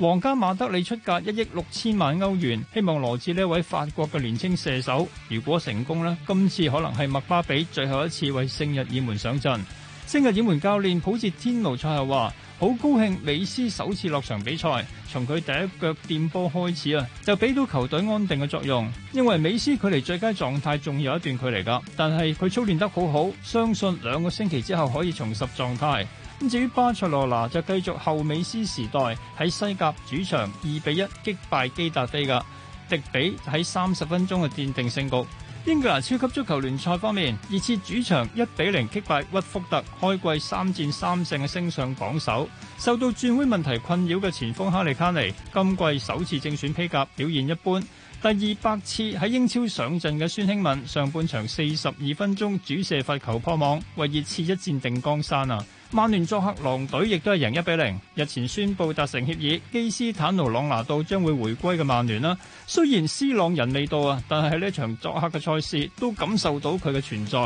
皇家馬德里出價一億六千萬歐元，希望羅致呢位法國嘅年輕射手。如果成功咧，今次可能係麥巴比最後一次為聖日耳門上陣。聖日耳門教練普捷天奴賽後話：好高興美斯首次落場比賽，從佢第一腳墊波開始啊，就俾到球隊安定嘅作用。因為美斯距離最佳狀態仲有一段距離噶，但係佢操練得好好，相信兩個星期之後可以重拾狀態。至於巴塞羅那就繼續後美斯時代喺西甲主場二比一擊敗基達菲噶，迪比喺三十分鐘嘅奠定勝局。英格蘭超級足球聯賽方面，熱刺主場一比零擊敗屈福特，開季三戰三勝嘅升上榜首。受到轉會問題困擾嘅前鋒哈利卡尼今季首次正選披甲，表現一般。第二百次喺英超上陣嘅孫興敏上半場四十二分鐘主射罰球破網，為熱刺一戰定江山啊！曼聯作客狼隊亦都係贏一比零，日前宣布達成協議，基斯坦奴朗拿度將會回歸嘅曼聯啦。雖然斯朗人未到啊，但係呢一場作客嘅賽事都感受到佢嘅存在。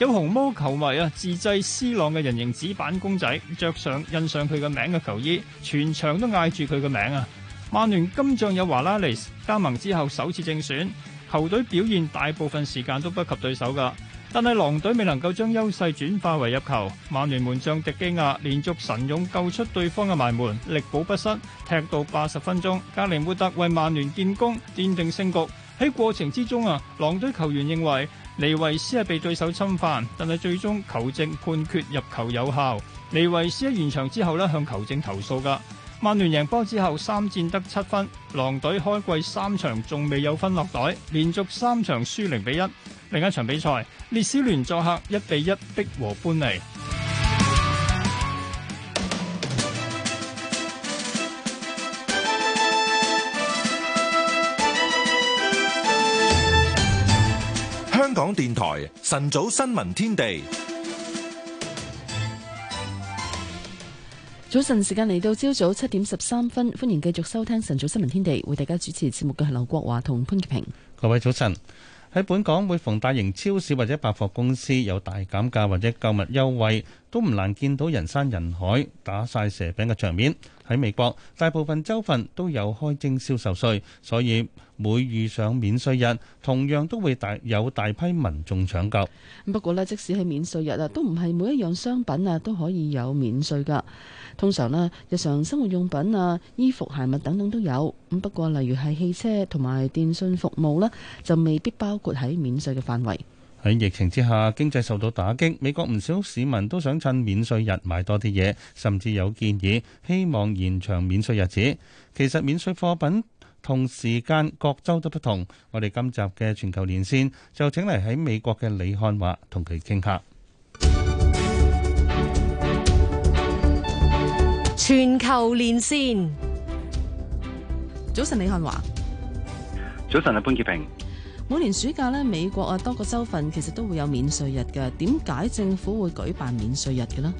有紅魔球迷啊，自製斯朗嘅人形紙板公仔，着上印上佢嘅名嘅球衣，全場都嗌住佢嘅名啊！曼聯今仗有華拉利斯加盟之後首次正選，球隊表現大部分時間都不及對手噶。但係狼隊未能夠將優勢轉化為入球，曼聯門將迪基亞連續神勇救出對方嘅埋門，力保不失，踢到八十分鐘。格林活特為曼聯建功，奠定勝局。喺過程之中啊，狼隊球員認為尼維斯係被對手侵犯，但係最終球證判決入球有效。尼維斯喺完場之後呢，向球證投訴噶。曼聯贏波之後三戰得七分，狼隊開季三場仲未有分落袋，連續三場輸零比一。另一場比賽，列斯聯作客一比一逼和般尼。香港電台晨早新聞天地。早晨時間嚟到，朝早七點十三分，歡迎繼續收聽晨早新聞天地。為大家主持節目嘅係劉國華同潘潔平。各位早晨。喺本港，每逢大型超市或者百貨公司有大減價或者購物優惠，都唔難見到人山人海、打晒蛇餅嘅場面。喺美國，大部分州份都有開徵銷售稅，所以每遇上免稅日，同樣都會大有大批民眾搶購。不過呢，即使係免稅日啊，都唔係每一樣商品啊都可以有免稅㗎。通常咧，日常生活用品啊、衣服鞋襪等等都有。咁不過，例如係汽車同埋電訊服務咧，就未必包括喺免稅嘅範圍。喺疫情之下，經濟受到打擊，美國唔少市民都想趁免稅日買多啲嘢，甚至有建議希望延長免稅日子。其實，免稅貨品同時間各州都不同。我哋今集嘅全球連線就請嚟喺美國嘅李漢華同佢傾下。全球連線，早晨，李漢華，早晨。啊潘潔平，每年暑假咧，美國啊多個州份其實都會有免稅日嘅。點解政府會舉辦免稅日嘅呢？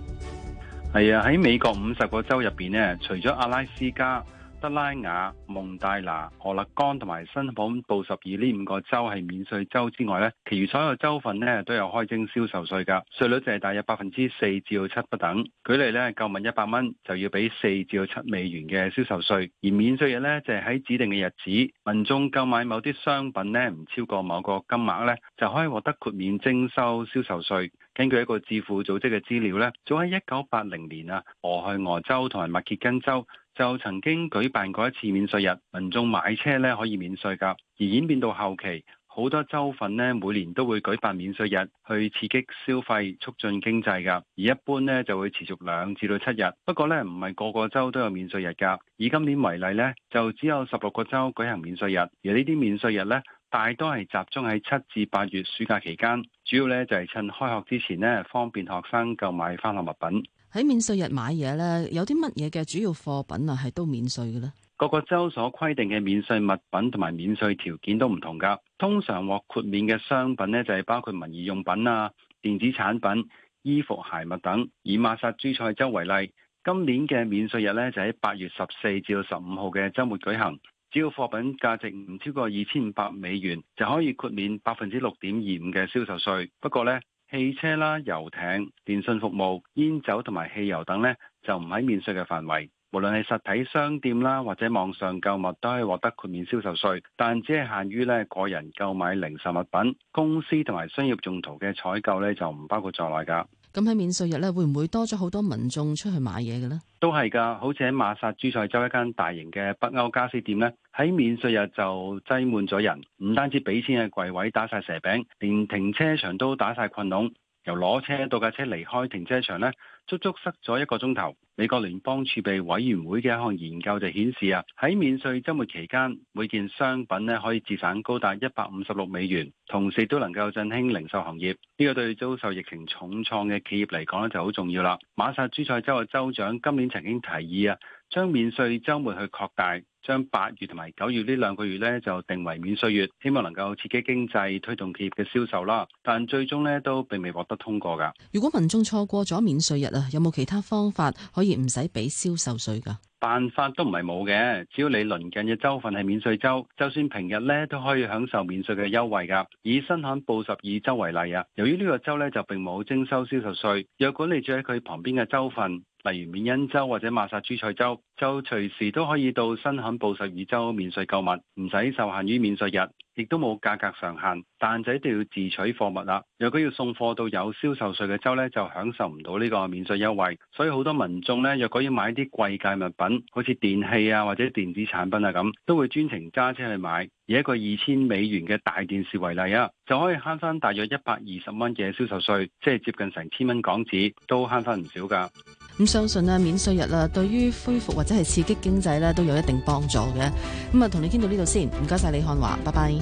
係啊，喺美國五十個州入邊呢，除咗阿拉斯加、德拉瓦、蒙大拿、俄勒岡同埋新罕布什爾呢五個州係免稅州之外咧，其餘所有州份咧都有開徵銷售稅噶，稅率就係大約百分之四至到七不等。舉例咧，購物一百蚊就要俾四至到七美元嘅銷售稅。而免稅日咧，就係喺指定嘅日子，民眾購買某啲商品咧，唔超過某個金額咧，就可以獲得豁免徵收銷、銷售稅。根據一個智庫組織嘅資料咧，早喺一九八零年啊，俄亥俄州同埋密歇根州，就曾經舉辦過一次免稅日，民眾買車咧可以免稅噶。而演變到後期，好多州份咧每年都會舉辦免稅日，去刺激消費、促進經濟噶。而一般呢，就會持續兩至到七日。不過呢，唔係個個州都有免稅日㗎。以今年為例呢，就只有十六個州舉行免稅日。而呢啲免稅日呢，大多係集中喺七至八月暑假期間，主要呢，就係趁開學之前呢，方便學生購買返學物品。喺免稅日買嘢咧，有啲乜嘢嘅主要貨品啊，係都免稅嘅呢？各個州所規定嘅免稅物品同埋免稅條件都唔同噶。通常獲豁免嘅商品呢，就係包括文具用品啊、電子產品、衣服鞋物等。以馬薩諸塞州為例，今年嘅免稅日呢，就喺八月十四至到十五號嘅週末舉行。只要貨品價值唔超過二千五百美元，就可以豁免百分之六點二五嘅銷售稅。不過呢，汽車啦、遊艇、電信服務、煙酒同埋汽油等咧，就唔喺免稅嘅範圍。無論係實體商店啦，或者網上購物，都可以獲得豁免銷售稅，但只係限於咧個人購買零售物品。公司同埋商業用途嘅採購咧，就唔包括在內噶。咁喺免稅日咧，會唔會多咗好多民眾出去買嘢嘅咧？都係噶，好似喺馬薩諸塞州一間大型嘅北歐家私店咧，喺免稅日就擠滿咗人，唔單止俾錢嘅櫃位打晒蛇餅，連停車場都打晒困籠。由攞車到架車離開停車場呢，足足塞咗一個鐘頭。美國聯邦儲備委員會嘅一項研究就顯示啊，喺免稅週末期間，每件商品呢，可以節省高達一百五十六美元，同時都能夠振興零售行業。呢個對遭受疫情重創嘅企業嚟講咧，就好重要啦。馬薩諸塞州嘅州長今年曾經提議啊。將免稅週末去擴大，將八月同埋九月呢兩個月呢就定為免稅月，希望能夠刺激經濟、推動企業嘅銷售啦。但最終呢都並未獲得通過㗎。如果民眾錯過咗免稅日啊，有冇其他方法可以唔使俾銷售稅㗎？辦法都唔係冇嘅，只要你鄰近嘅州份係免稅州，就算平日呢都可以享受免稅嘅優惠㗎。以新罕布什爾州為例啊，由於呢個州呢就並冇徵收銷售稅，若果你住喺佢旁邊嘅州份。例如緬因州或者馬薩諸塞州，就隨時都可以到新罕布什爾州免稅購物，唔使受限於免稅日，亦都冇價格上限。但就一定要自取貨物啦。若果要送貨到有銷售稅嘅州呢，就享受唔到呢個免稅優惠。所以好多民眾呢，若果要買啲貴價物品，好似電器啊或者電子產品啊咁，都會專程揸車去買。以一個二千美元嘅大電視為例啊，就可以慳翻大約一百二十蚊嘅銷售稅，即係接近成千蚊港紙，都慳翻唔少噶。咁相信啊，免稅日啦，對於恢復或者係刺激經濟咧，都有一定幫助嘅。咁啊，同你傾到呢度先，唔該晒李漢華，拜拜，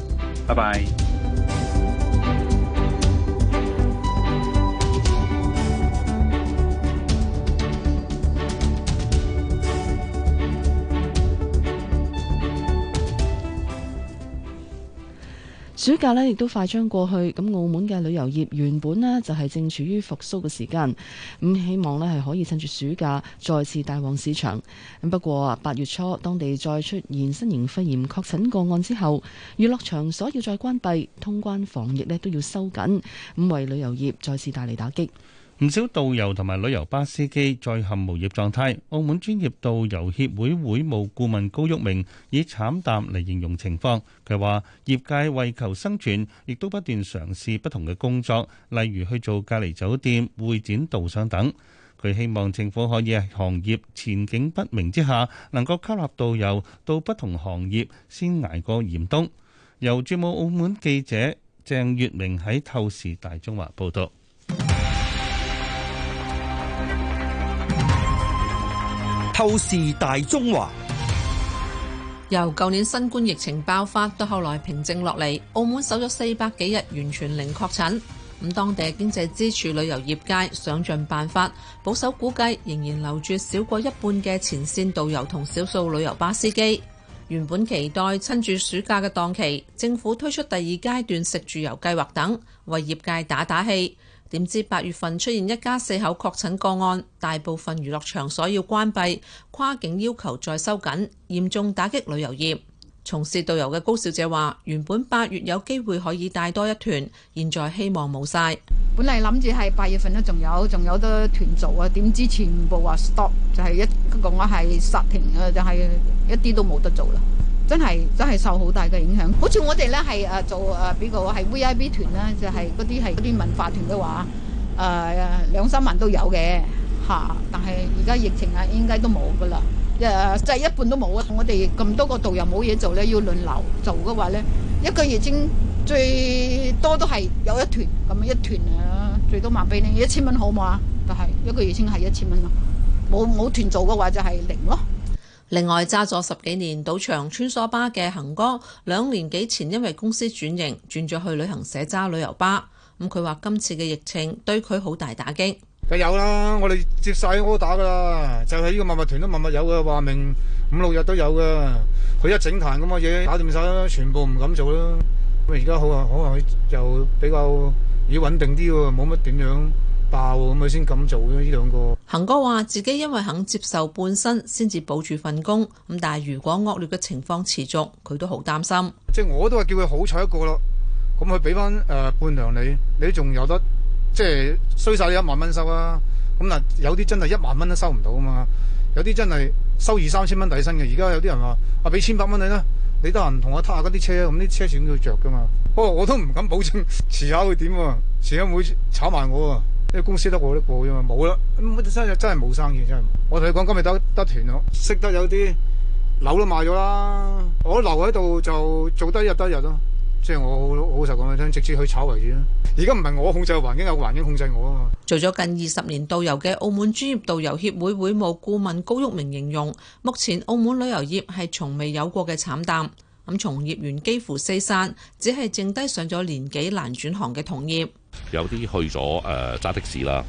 拜拜。暑假呢亦都快將過去，咁澳門嘅旅遊業原本呢就係正處於復甦嘅時間，咁希望呢係可以趁住暑假再次帶旺市場。不過八月初當地再出現新型肺炎確診個案之後，娛樂場所要再關閉，通關防疫呢都要收緊，咁為旅遊業再次帶嚟打擊。唔少導遊同埋旅遊巴司機再陷無業狀態。澳門專業導遊協會會務顧問高旭明以慘淡嚟形容情況。佢話：業界為求生存，亦都不斷嘗試不同嘅工作，例如去做隔離酒店、會展導賞等。佢希望政府可以喺行業前景不明之下，能夠吸納導遊到不同行業先捱過嚴冬。由駐澳門記者鄭月明喺透視大中華報道。透視大中華，由舊年新冠疫情爆發到後來平靜落嚟，澳門守咗四百幾日，完全零確診。咁當地經濟支柱旅遊業界想盡辦法，保守估計仍然留住少過一半嘅前線導遊同少數旅遊巴司機。原本期待趁住暑假嘅檔期，政府推出第二階段食住遊計劃等，為業界打打氣。點知八月份出現一家四口確診個案，大部分娛樂場所要關閉，跨境要求再收緊，嚴重打擊旅遊業。從事導遊嘅高小姐話：原本八月有機會可以帶多一團，現在希望冇晒。本嚟諗住係八月份都仲有仲有得團做啊，點知全部話 stop，就係一個我係煞停啊，就係、是、一啲都冇得做啦。真係真係受好大嘅影響，好似我哋咧係誒做誒，比如話係 V I B 團咧，就係嗰啲係嗰啲文化團嘅話，誒、呃、兩三萬都有嘅嚇。但係而家疫情啊，應該都冇噶啦，誒、呃、即係、是、一半都冇啊。我哋咁多個導遊冇嘢做咧，要輪流做嘅話咧，一個月先最多都係有一團咁樣一團啊，最多萬畀你一千蚊好冇啊？但係一個月先係一千蚊咯，冇冇團做嘅話就係零咯。另外揸咗十幾年賭場穿梭巴嘅恒哥，兩年幾前因為公司轉型，轉咗去旅行社揸旅遊巴。咁佢話今次嘅疫情對佢好大打擊。梗有啦，我哋接晒柯打噶啦，就係、是、呢個密密團都密密有嘅，話明五六日都有嘅。佢一整壇咁嘅嘢搞掂晒啦，全部唔敢做啦。咁而家好啊，可能就比較要穩定啲喎，冇乜點樣。爆咁咪先咁做咯？呢兩個恒哥話自己因為肯接受半薪，先至保住份工咁。但係如果惡劣嘅情況持續，佢都好擔心。即係我都話叫佢好彩一個咯。咁佢俾翻誒半糧，你，你仲有得即係衰晒。你一萬蚊收啊？咁嗱，有啲真係一萬蚊都收唔到啊嘛。有啲真係收二三千蚊底薪嘅。而家有啲人話、啊：，我俾千百蚊你啦，你得閒同我撻下嗰啲車咁啲車錢佢着噶嘛？不過我都唔敢保證遲下會點喎、啊，遲下會炒埋我喎、啊。啲公司得我一個啫嘛，冇啦，咁真真係冇生意，真係。我同你講，今日得得團咯，識得有啲樓都賣咗啦，我留喺度就做得一日得日咯。即係我好老實講俾你聽，直接去炒為主啦。而家唔係我控制環境，有環境控制我啊嘛。做咗近二十年導遊嘅澳門專業導遊協會會務顧問高旭明形容，目前澳門旅遊業係從未有過嘅慘淡，咁從業員幾乎四散，只係剩低上咗年紀難轉行嘅同業。有啲去咗誒揸的士啦，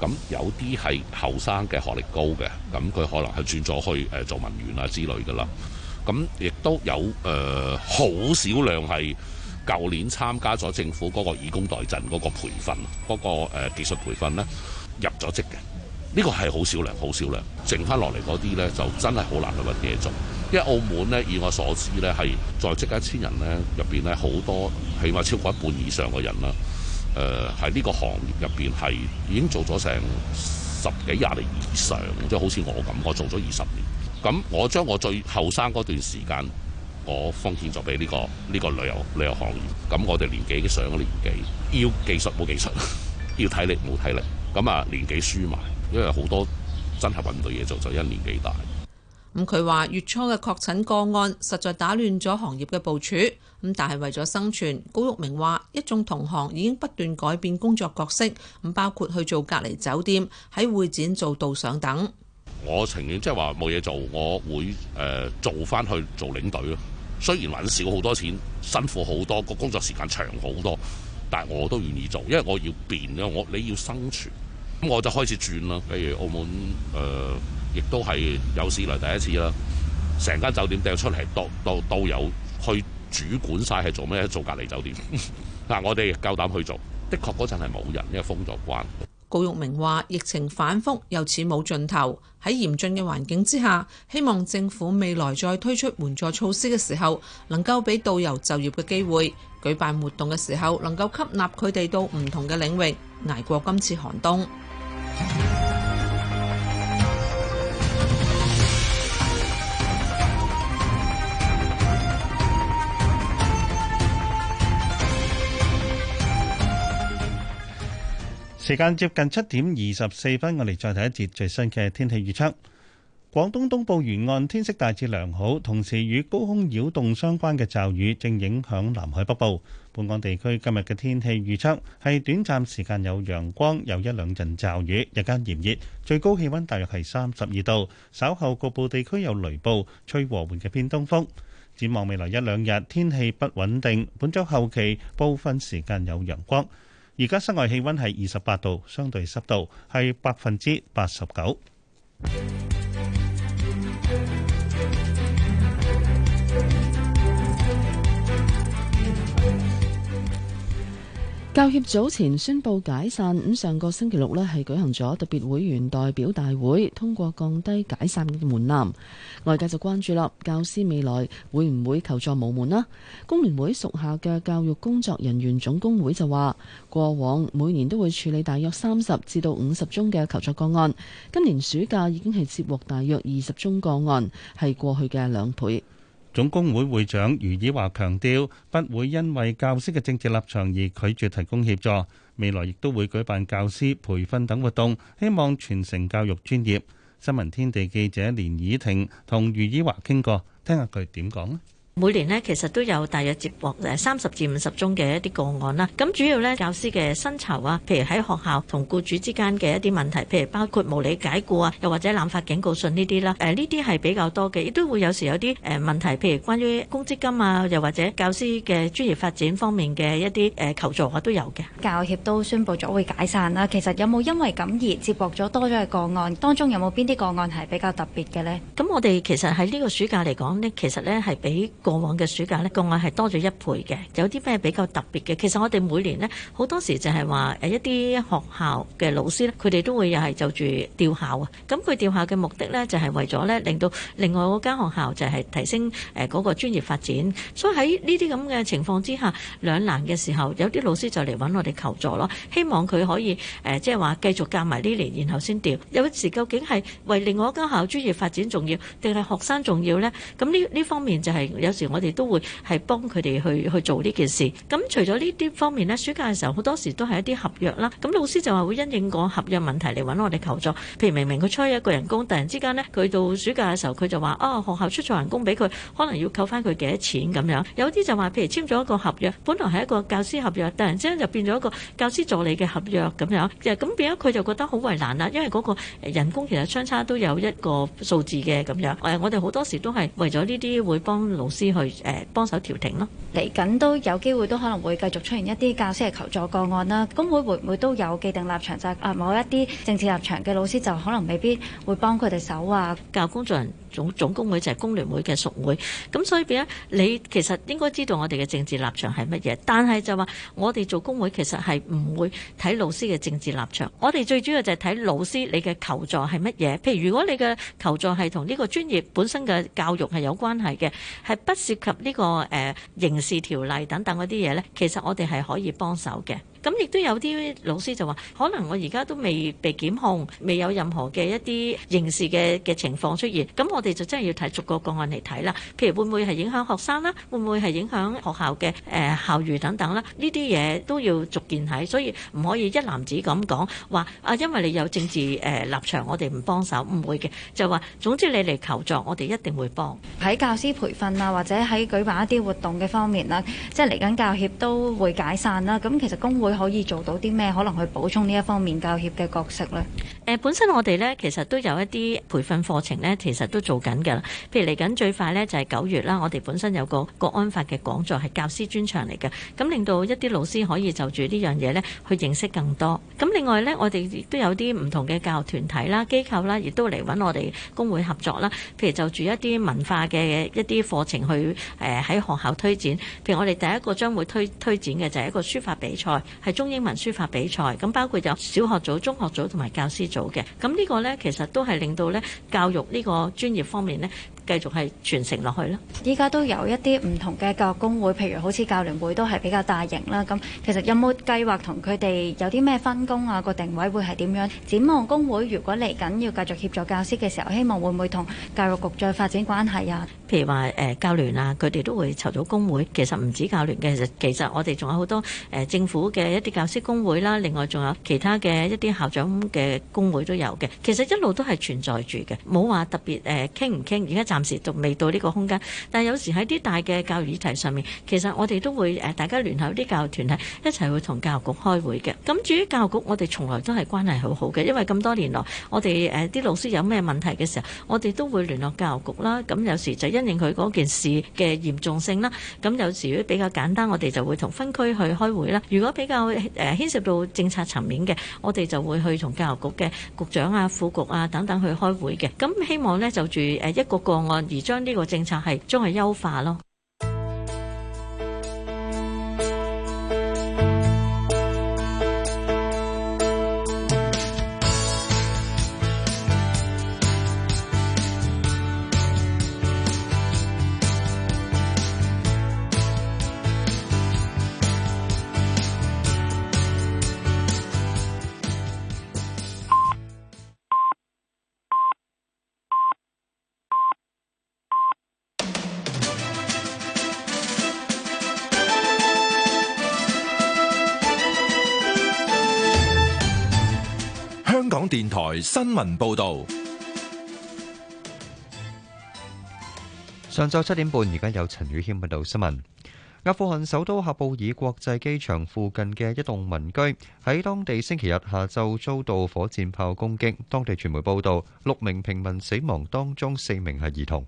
咁、嗯、有啲係後生嘅，學歷高嘅，咁、嗯、佢可能係轉咗去誒、呃、做文員啊之類噶啦。咁、嗯、亦都有誒好、呃、少量係舊年參加咗政府嗰個以工代賑嗰個培訓嗰、那個誒、呃、技術培訓咧入咗職嘅呢個係好少量，好少量剩翻落嚟，嗰啲咧就真係好難去搵嘢做。因為澳門咧，以我所知咧係在職一千人咧入邊咧，好多起碼超過一半以上嘅人啦。誒喺呢個行業入邊係已經做咗成十幾廿年以上，即係好似我咁，我做咗二十年。咁我將我最後生嗰段時間，我奉獻咗俾呢個呢個旅遊旅遊行業。咁我哋年紀上嘅年紀，要技術冇技術， [LAUGHS] 要體力冇體力。咁啊年紀輸埋，因為好多真係揾唔到嘢做，就因年紀大。咁佢話月初嘅確診個案，實在打亂咗行業嘅部署。咁但係為咗生存，高玉明話：一眾同行已經不斷改變工作角色，咁包括去做隔離酒店，喺會展做導賞等。我情願即係話冇嘢做，我會誒、呃、做翻去做領隊咯。雖然揾少好多錢，辛苦好多，個工作時間長好多，但係我都願意做，因為我要變咯。我你要生存咁，我就開始轉啦。譬如澳門誒、呃，亦都係有史以嚟第一次啦，成間酒店掟出嚟，都當導遊去。主管晒係做咩？做隔離酒店嗱、 [LAUGHS] 啊，我哋夠膽去做，的確嗰陣係冇人，因為封咗關。高玉明話：疫情反覆又似冇盡頭，喺嚴峻嘅環境之下，希望政府未來再推出援助措施嘅時候，能夠俾導遊就業嘅機會，舉辦活動嘅時候，能夠吸納佢哋到唔同嘅領域，捱過今次寒冬。時間接近七點二十四分，我哋再睇一節最新嘅天氣預測。廣東東部沿岸天色大致良好，同時與高空擾動相關嘅驟雨正影響南海北部。本港地區今日嘅天氣預測係短暫時間有陽光，有一兩陣驟雨，日間炎熱，最高氣溫大約係三十二度。稍後局部地區有雷暴，吹和緩嘅偏東風。展望未來一兩日，天氣不穩定，本周後期部分時間有陽光。而家室外氣温係二十八度，相對濕度係百分之八十九。教協早前宣布解散，咁上個星期六呢係舉行咗特別會員代表大會，通過降低解散嘅門檻。外界就關注啦，教師未來會唔會求助無門呢？工聯會屬下嘅教育工作人員總工會就話，過往每年都會處理大約三十至到五十宗嘅求助個案，今年暑假已經係接獲大約二十宗個案，係過去嘅兩倍。總工會會長余以華強調，不會因為教師嘅政治立場而拒絕提供協助。未來亦都會舉辦教師培訓等活動，希望傳承教育專業。新聞天地記者連以婷同余以華傾過，聽下佢點講咧。每年呢，其實都有大約接獲誒三十至五十宗嘅一啲個案啦。咁主要呢，教師嘅薪酬啊，譬如喺學校同雇主之間嘅一啲問題，譬如包括無理解雇啊，又或者濫發警告信呢啲啦。誒呢啲係比較多嘅，亦都會有時有啲誒問題，譬如關於公積金啊，又或者教師嘅專業發展方面嘅一啲誒求助啊，都有嘅。教協都宣布咗會解散啦。其實有冇因為咁而接獲咗多咗嘅個案？當中有冇邊啲個案係比較特別嘅呢？咁我哋其實喺呢個暑假嚟講呢，其實呢係比過往嘅暑假呢，個案係多咗一倍嘅。有啲咩比較特別嘅？其實我哋每年呢，好多時就係話誒一啲學校嘅老師咧，佢哋都會又係就住調校啊。咁佢調校嘅目的呢，就係為咗咧令到另外嗰間學校就係提升誒嗰個專業發展。所以喺呢啲咁嘅情況之下，兩難嘅時候，有啲老師就嚟揾我哋求助咯，希望佢可以誒即係話繼續教埋呢年，然後先調。有時究竟係為另外一間學校專業發展重要，定係學生重要呢？咁呢呢方面就係有。時我哋都會係幫佢哋去去做呢件事。咁除咗呢啲方面咧，暑假嘅時候好多時都係一啲合約啦。咁老師就話會因應個合約問題嚟揾我哋求助。譬如明明佢出一個人工，突然之間呢，佢到暑假嘅時候，佢就話啊、哦、學校出錯人工俾佢，可能要扣翻佢幾多錢咁樣。有啲就話譬如簽咗一個合約，本來係一個教師合約，突然之間就變咗一個教師助理嘅合約咁樣。咁變咗佢就覺得好為難啦，因為嗰個人工其實相差都有一個數字嘅咁樣。誒，我哋好多時都係為咗呢啲會幫老師。之去誒幫手調停咯，嚟緊都有機會都可能會繼續出現一啲教師嘅求助個案啦。工會會唔會都有既定立場？就係啊，某一啲政治立場嘅老師就可能未必會幫佢哋手啊。教工作人總總工會就係工聯會嘅屬會，咁所以變咗你其實應該知道我哋嘅政治立場係乜嘢。但係就話我哋做工會其實係唔會睇老師嘅政治立場，我哋最主要就係睇老師你嘅求助係乜嘢。譬如如果你嘅求助係同呢個專業本身嘅教育係有關係嘅，係涉及呢個誒、呃、刑事條例等等啲嘢咧，其實我哋係可以幫手嘅。咁亦都有啲老師就話可能我而家都未被檢控，未有任何嘅一啲刑事嘅嘅情況出現，咁我哋就真係要睇逐個個案嚟睇啦。譬如會唔會係影響學生啦？會唔會係影響學校嘅誒、呃、校園等等啦？呢啲嘢都要逐件睇，所以唔可以一籃子咁講話啊，因為你有政治誒立場我哋唔幫手。唔會嘅，就話總之你嚟求助，我哋一定會幫喺教師培訓啊，或者喺舉辦一啲活動嘅方面啦，即係嚟緊教協都會解散啦。咁其實工會。可以做到啲咩？可能去補充呢一方面教協嘅角色呢。誒，本身我哋呢，其實都有一啲培訓課程呢，其實都做緊嘅。譬如嚟緊最快呢，就係、是、九月啦，我哋本身有個國安法嘅講座係教師專場嚟嘅，咁令到一啲老師可以就住呢樣嘢呢，去認識更多。咁另外呢，我哋亦都有啲唔同嘅教育團體啦、機構啦，亦都嚟揾我哋工會合作啦。譬如就住一啲文化嘅一啲課程去誒，喺、呃、學校推展。譬如我哋第一個將會推推展嘅就係一個書法比賽。係中英文書法比賽，咁包括有小學組、中學組同埋教師組嘅，咁呢個咧其實都係令到咧教育呢個專業方面咧。繼續係傳承落去啦！依家都有一啲唔同嘅教育工會，譬如好似教聯會都係比較大型啦。咁其實有冇計劃同佢哋有啲咩分工啊？個定位會係點樣？展望工會如果嚟緊要繼續協助教師嘅時候，希望會唔會同教育局再發展關係啊？譬如話誒、呃、教聯啊，佢哋都會籌組工會。其實唔止教聯嘅，其實其實我哋仲有好多誒、呃、政府嘅一啲教師工會啦。另外仲有其他嘅一啲校長嘅工會都有嘅。其實一路都係存在住嘅，冇話特別誒傾唔傾。而、呃、家暫。時仲未到呢個空間，但係有時喺啲大嘅教育議題上面，其實我哋都會誒大家聯合啲教育團體一齊會同教育局開會嘅。咁至於教育局，我哋從來都係關係好好嘅，因為咁多年來我哋誒啲老師有咩問題嘅時候，我哋都會聯絡教育局啦。咁有時就因應佢嗰件事嘅嚴重性啦。咁有時比較簡單，我哋就會同分區去開會啦。如果比較誒牽涉到政策層面嘅，我哋就會去同教育局嘅局長啊、副局啊等等去開會嘅。咁希望咧就住誒一個個。而將呢個政策係將係優化咯。電台新聞報道：上晝七點半，而家有陳宇謙報道新聞。阿富汗首都喀布爾國際機場附近嘅一棟民居喺當地星期日下晝遭到火箭炮攻擊。當地傳媒報道，六名平民死亡，當中四名係兒童。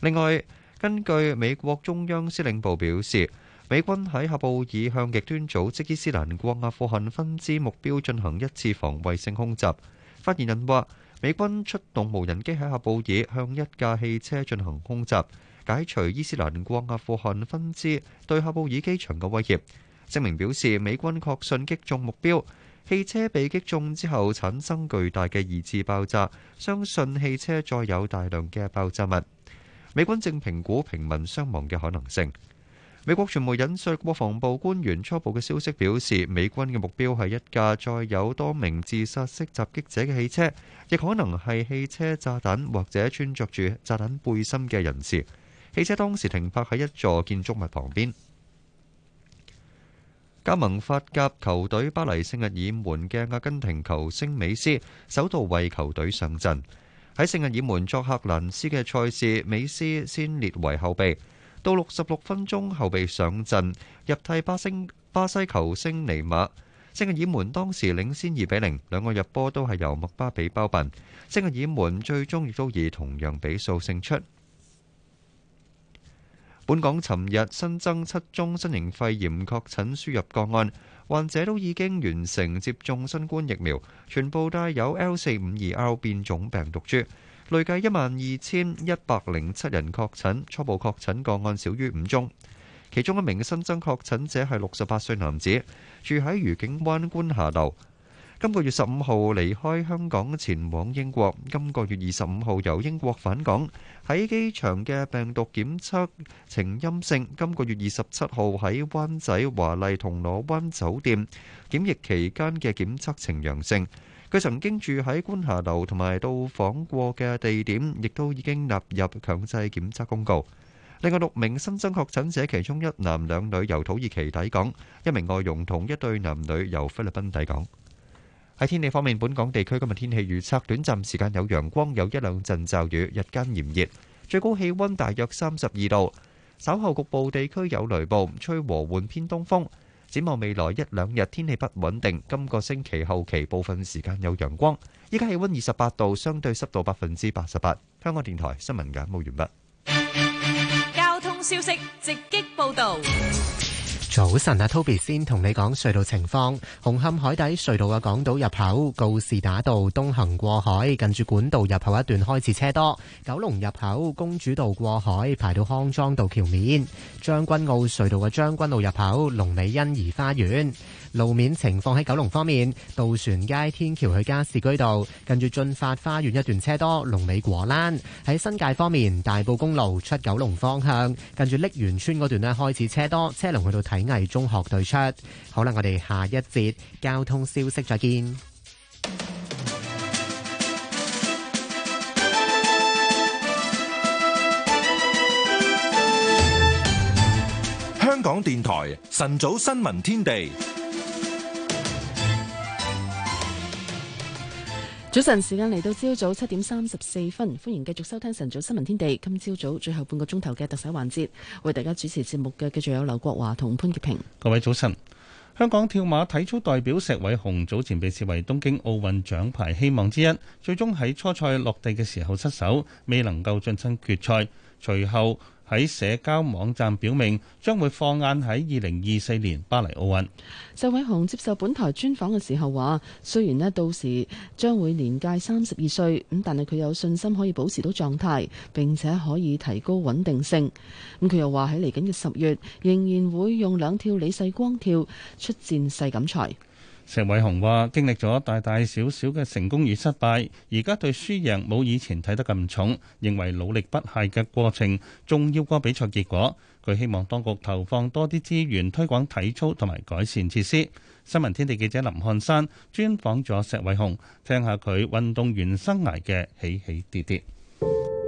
另外，根據美國中央司令部表示，美軍喺喀布爾向極端組織伊斯蘭國阿富汗分支目標進行一次防衛性空襲。發言人話，美軍出動無人機喺喀布爾，向一架汽車進行空襲，解除伊斯蘭國阿富汗分支對喀布爾機場嘅威脅。聲明表示，美軍確信擊中目標，汽車被擊中之後產生巨大嘅二次爆炸，相信汽車再有大量嘅爆炸物。美軍正評估平民傷亡嘅可能性。美國傳媒引述國防部官員初步嘅消息表示，美軍嘅目標係一架載有多名自殺式襲擊者嘅汽車，亦可能係汽車炸彈或者穿着住炸彈背心嘅人士。汽車當時停泊喺一座建築物旁邊。加盟法甲球隊巴黎聖日耳門嘅阿根廷球星美斯首度為球隊上陣。喺聖日耳門作客蘭斯嘅賽事，美斯先列為後備。到六十六分鐘後被上陣入替巴星巴西球星尼馬。聖日爾門當時領先二比零，兩個入波都係由麥巴比包辦。聖日爾門最終亦都以同樣比數勝出。本港尋日新增七宗新型肺炎確診輸入個案，患者都已經完成接種新冠疫苗，全部帶有 L 四五二 R 變種病毒株。累計一萬二千一百零七人確診，初步確診個案少於五宗。其中一名新增確診者係六十八歲男子，住喺愉景灣觀霞樓。今個月十五號離開香港前往英國，今個月二十五號由英國返港，喺機場嘅病毒檢測呈陰性。今個月二十七號喺灣仔華麗銅鑼灣酒店檢疫期間嘅檢測呈陽性。佢曾經住喺觀霞樓，同埋到訪過嘅地點，亦都已經納入強制檢測公告。另外六名新增確診者，其中一男兩女由土耳其抵港，一名外傭同一對男女由菲律賓抵港。喺天氣方面，本港地區今日天氣預測，短暫時間有陽光，有一兩陣驟雨，日間炎熱，最高氣温大約三十二度。稍後局部地區有雷暴，吹和緩偏東風。展望未來一兩日天氣不穩定，今個星期後期部分時間有陽光。依家氣温二十八度，相對濕度百分之八十八。香港電台新聞簡報完畢。交通消息直擊報導。早晨啊，Toby 先同你講隧道情況。紅磡海底隧道嘅港島入口告士打道東行過海，近住管道入口一段開始車多。九龍入口公主道過海排到康莊道橋面。將軍澳隧道嘅將軍澳入口龍尾欣宜花園。路面情況，喺九龍方面，渡船街天橋去加士居道，近住駿發花園一段車多；龍尾果欄。喺新界方面，大埔公路出九龍方向，近住瀝源村嗰段咧開始車多，車龍去到體藝中學對出。好啦，我哋下一節交通消息再見。香港電台晨早新聞天地。早晨時間嚟到朝早七點三十四分，歡迎繼續收聽晨早新聞天地。今朝早，早最後半個鐘頭嘅特首環節，為大家主持節目嘅繼續有劉國華同潘潔平。各位早晨。香港跳馬體操代表石偉雄早前被視為東京奧運獎牌希望之一，最終喺初賽落地嘅時候失手，未能夠晉身決賽。隨後喺社交網站表明將會放眼喺二零二四年巴黎奧運。石偉雄接受本台專訪嘅時候話，雖然呢到時將會年屆三十二歲，咁但係佢有信心可以保持到狀態，並且可以提高穩定性。咁佢又話喺嚟緊嘅十月，仍然會用兩跳李世光跳出戰世錦賽。石偉雄話：經歷咗大大小小嘅成功與失敗，而家對輸贏冇以前睇得咁重，認為努力不懈嘅過程重要過比賽結果。佢希望當局投放多啲資源，推廣體操同埋改善設施。新聞天地記者林漢山專訪咗石偉雄，聽下佢運動員生涯嘅起起跌跌。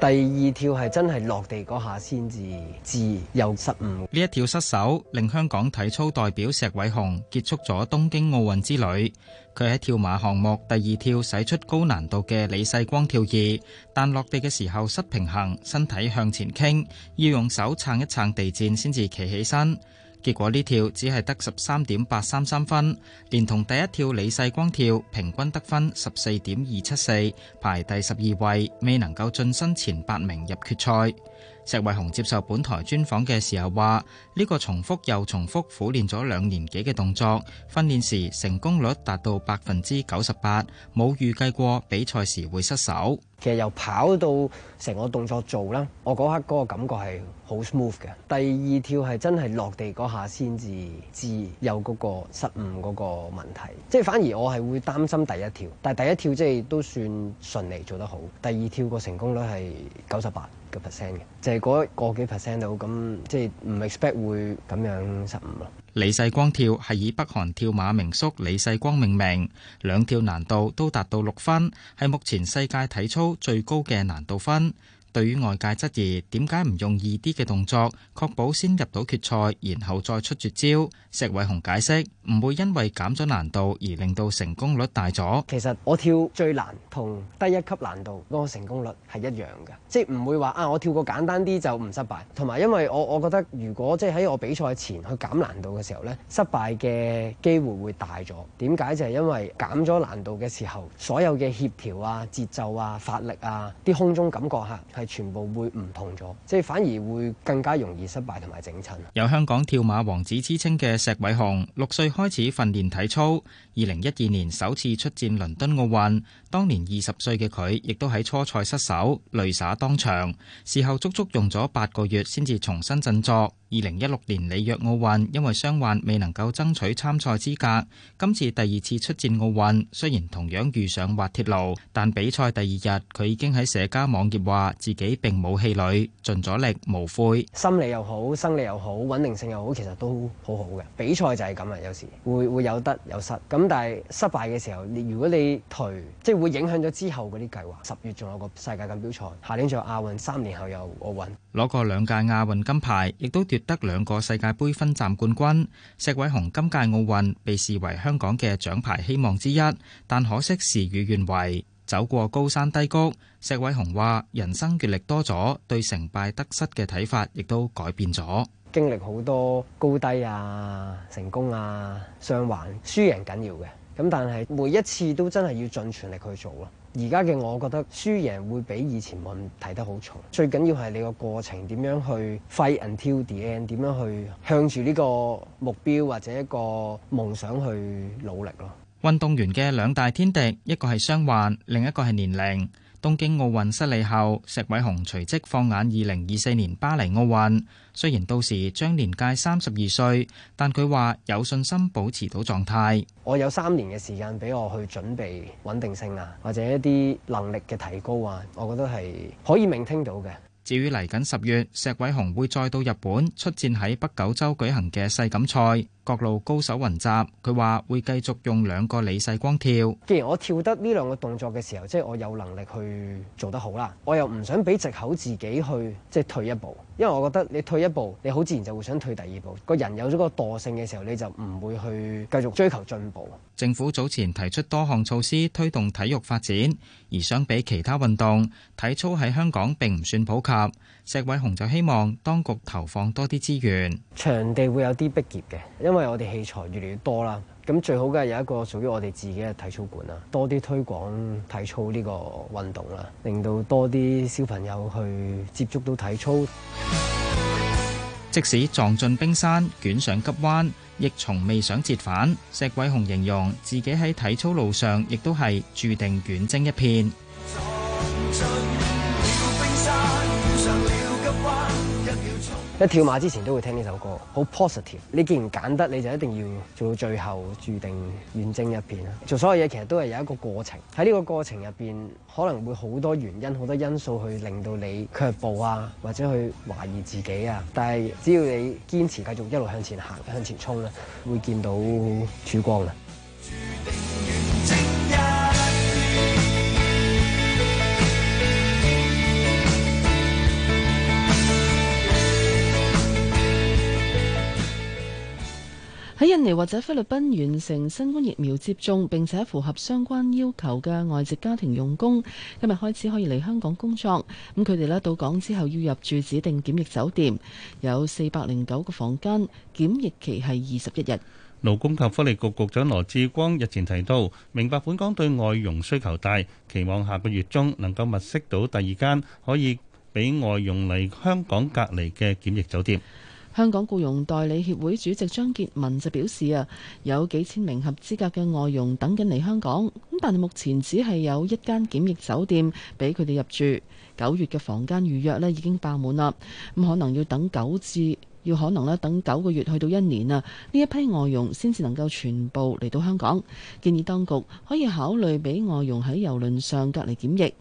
第二跳係真係落地嗰下先至知有失誤。呢一跳失手令香港體操代表石偉雄結束咗東京奧運之旅。佢喺跳馬項目第二跳使出高難度嘅李世光跳二，但落地嘅時候失平衡，身體向前傾，要用手撐一撐地墊先至企起身。結果呢跳只係得十三點八三三分，連同第一跳李世光跳，平均得分十四點二七四，排第十二位，未能夠晉身前八名入決賽。石偉雄接受本台專訪嘅時候話：呢個重複又重複苦練咗兩年幾嘅動作，訓練時成功率達到百分之九十八，冇預計過比賽時會失手。其實由跑到成個動作做啦，我嗰刻嗰個感覺係好 smooth 嘅。第二跳係真係落地嗰下先至知有嗰個失誤嗰個問題，即係反而我係會擔心第一跳，但係第一跳即係都算順利做得好。第二跳個成功率係九十八。個 percent 嘅，就係嗰個幾 percent 度，咁即係唔 expect 會咁樣失誤咯。李世光跳係以北韓跳馬名宿李世光命名，兩跳難度都達到六分，係目前世界體操最高嘅難度分。對於外界質疑點解唔用易啲嘅動作，確保先入到決賽，然後再出絕招，石偉雄解釋。唔會因為減咗難度而令到成功率大咗。其實我跳最難同低一級難度嗰個成功率係一樣嘅，即係唔會話啊我跳個簡單啲就唔失敗。同埋因為我我覺得如果即係喺我比賽前去減難度嘅時候呢，失敗嘅機會會大咗。點解就係因為減咗難度嘅時候，所有嘅協調啊、節奏啊、發力啊、啲空中感覺吓係全部會唔同咗，即係反而會更加容易失敗同埋整親。有香港跳馬王子之稱嘅石偉雄，六歲開始訓練體操，二零一二年首次出戰倫敦奧運，當年二十歲嘅佢亦都喺初賽失手，淚灑當場，事後足足用咗八個月先至重新振作。二零一六年里約奧運因為傷患未能夠爭取參賽資格，今次第二次出戰奧運，雖然同樣遇上滑鐵盧，但比賽第二日佢已經喺社交網頁話自己並冇氣餒，盡咗力無悔。心理又好，生理又好，穩定性又好，其實都好好嘅。比賽就係咁啊，有時會會有得有失。咁但係失敗嘅時候，你如果你退，即係會影響咗之後嗰啲計劃。十月仲有個世界錦標賽，下年仲有亞運，三年後又奧運，攞過兩屆亞運金牌，亦都掉。奪得兩個世界杯分站冠軍，石偉雄今屆奧運被視為香港嘅獎牌希望之一，但可惜事與願違。走過高山低谷，石偉雄話人生閱歷多咗，對成敗得失嘅睇法亦都改變咗。經歷好多高低啊，成功啊，傷患，輸贏緊要嘅咁，但係每一次都真係要盡全力去做咯。而家嘅我覺得輸贏會比以前冇睇得好重，最緊要係你個過程點樣去 fight until the end，點樣去向住呢個目標或者一個夢想去努力咯。運動員嘅兩大天敵，一個係傷患，另一個係年齡。東京奧運失利後，石偉雄隨即放眼二零二四年巴黎奧運。雖然到時將年屆三十二歲，但佢話有信心保持到狀態。我有三年嘅時間俾我去準備穩定性啊，或者一啲能力嘅提高啊，我覺得係可以明聽到嘅。至於嚟緊十月，石偉雄會再到日本出戰喺北九州舉行嘅世錦賽。各路高手雲集，佢話會繼續用兩個李世光跳。既然我跳得呢兩個動作嘅時候，即係我有能力去做得好啦，我又唔想俾借口自己去即係退一步，因為我覺得你退一步，你好自然就會想退第二步。個人有咗個惰性嘅時候，你就唔會去繼續追求進步。政府早前提出多項措施推動體育發展，而相比其他運動，體操喺香港並唔算普及。石偉雄就希望當局投放多啲資源，場地會有啲逼仄嘅，因為我哋器材越嚟越多啦。咁最好梗係有一個屬於我哋自己嘅體操館啦，多啲推廣體操呢個運動啦，令到多啲小朋友去接觸到體操。即使撞進冰山，捲上急彎，亦從未想折返。石偉雄形容自己喺體操路上，亦都係注定遠征一片。一跳馬之前都會聽呢首歌，好 positive。你既然揀得，你就一定要做到最後，註定遠征一片啦。做所有嘢其實都係有一個過程，喺呢個過程入邊可能會好多原因、好多因素去令到你卻步啊，或者去懷疑自己啊。但係只要你堅持繼續一路向前行、向前衝咧，會見到曙光嘅。喺印尼或者菲律賓完成新冠疫苗接種並且符合相關要求嘅外籍家庭用工，今日開始可以嚟香港工作。咁佢哋咧到港之後要入住指定檢疫酒店，有四百零九個房間，檢疫期係二十一日。勞工及福利局局長羅志光日前提到，明白本港對外傭需求大，期望下個月中能夠物色到第二間可以俾外傭嚟香港隔離嘅檢疫酒店。香港僱傭代理協會主席張杰文就表示啊，有幾千名合資格嘅外傭等緊嚟香港，咁但係目前只係有一間檢疫酒店俾佢哋入住，九月嘅房間預約咧已經爆滿啦，咁可能要等九至要可能咧等九個月去到一年啊，呢一批外傭先至能夠全部嚟到香港，建議當局可以考慮俾外傭喺郵輪上隔離檢疫。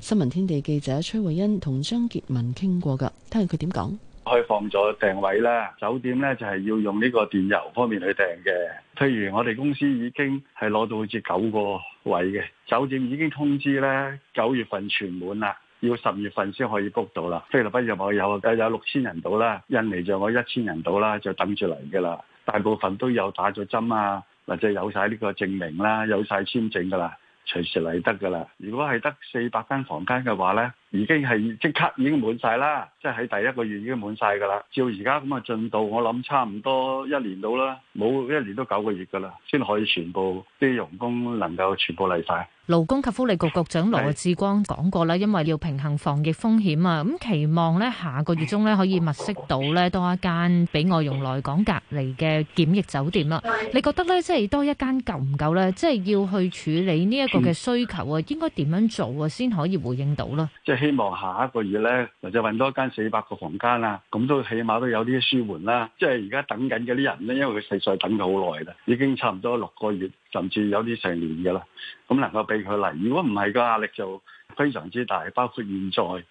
新聞天地記者崔慧欣同張杰文傾過噶，聽下佢點講。開放咗訂位啦。酒店咧就係要用呢個電郵方面去訂嘅。譬如我哋公司已經係攞到好似九個位嘅酒店，已經通知咧九月份全滿啦，要十月份先可以 book 到啦。菲律賓就我有，有六千人到啦；印尼就我一千人到啦，就等住嚟噶啦。大部分都有打咗針啊，或者有晒呢個證明啦，有晒簽證噶啦，隨時嚟得噶啦。如果係得四百間房間嘅話咧，已經係即刻已經滿晒啦，即係喺第一個月已經滿晒㗎啦。照而家咁嘅進度，我諗差唔多一年到啦，冇一年都九個月㗎啦，先可以全部啲傭工能夠全部嚟晒。勞工及福利局局長羅致光講過啦， [LAUGHS] 因為要平衡防疫風險啊，咁期望咧下個月中咧可以物色到咧多一間俾外傭來港隔離嘅檢疫酒店啦。 [LAUGHS] 你覺得咧即係多一間夠唔夠咧？即係要去處理呢一個嘅需求啊，應該點樣做啊先可以回應到啦？ [LAUGHS] [LAUGHS] 希望下一個月呢，或者揾多間四百個房間啦，咁都起碼都有啲舒緩啦。即係而家等緊嗰啲人呢，因為佢實在等咗好耐啦，已經差唔多六個月，甚至有啲成年嘅啦，咁能夠俾佢嚟。如果唔係，個壓力就非常之大。包括現在誒，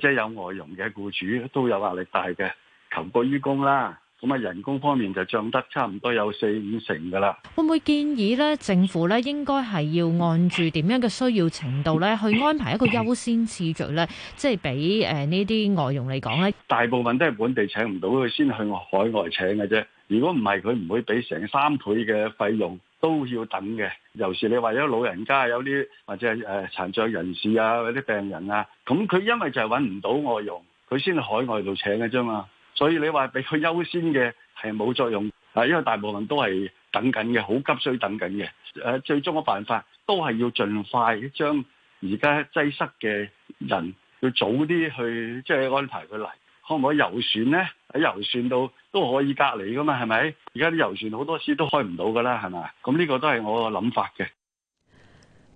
即係有外傭嘅僱主都有壓力大嘅，求過於供啦。咁啊，人工方面就漲得差唔多有四五成噶啦。會唔會建議咧？政府咧應該係要按住點樣嘅需要程度咧，去安排一個優先次序咧，即係俾誒呢啲外傭嚟講咧。大部分都係本地請唔到，佢先去海外請嘅啫。如果唔係，佢唔會俾成三倍嘅費用都要等嘅。尤其你話有老人家、有啲或者誒殘障人士啊、或者病人啊，咁佢因為就係揾唔到外傭，佢先去海外度請嘅啫嘛。所以你話比佢優先嘅係冇作用，啊，因為大部分都係等緊嘅，好急需等緊嘅。誒，最終嘅辦法都係要盡快將而家擠塞嘅人，要早啲去，即係安排佢嚟，可唔可以遊船咧？喺遊船度都可以隔離噶嘛，係咪？而家啲遊船好多時都開唔到噶啦，係咪？咁呢個都係我嘅諗法嘅。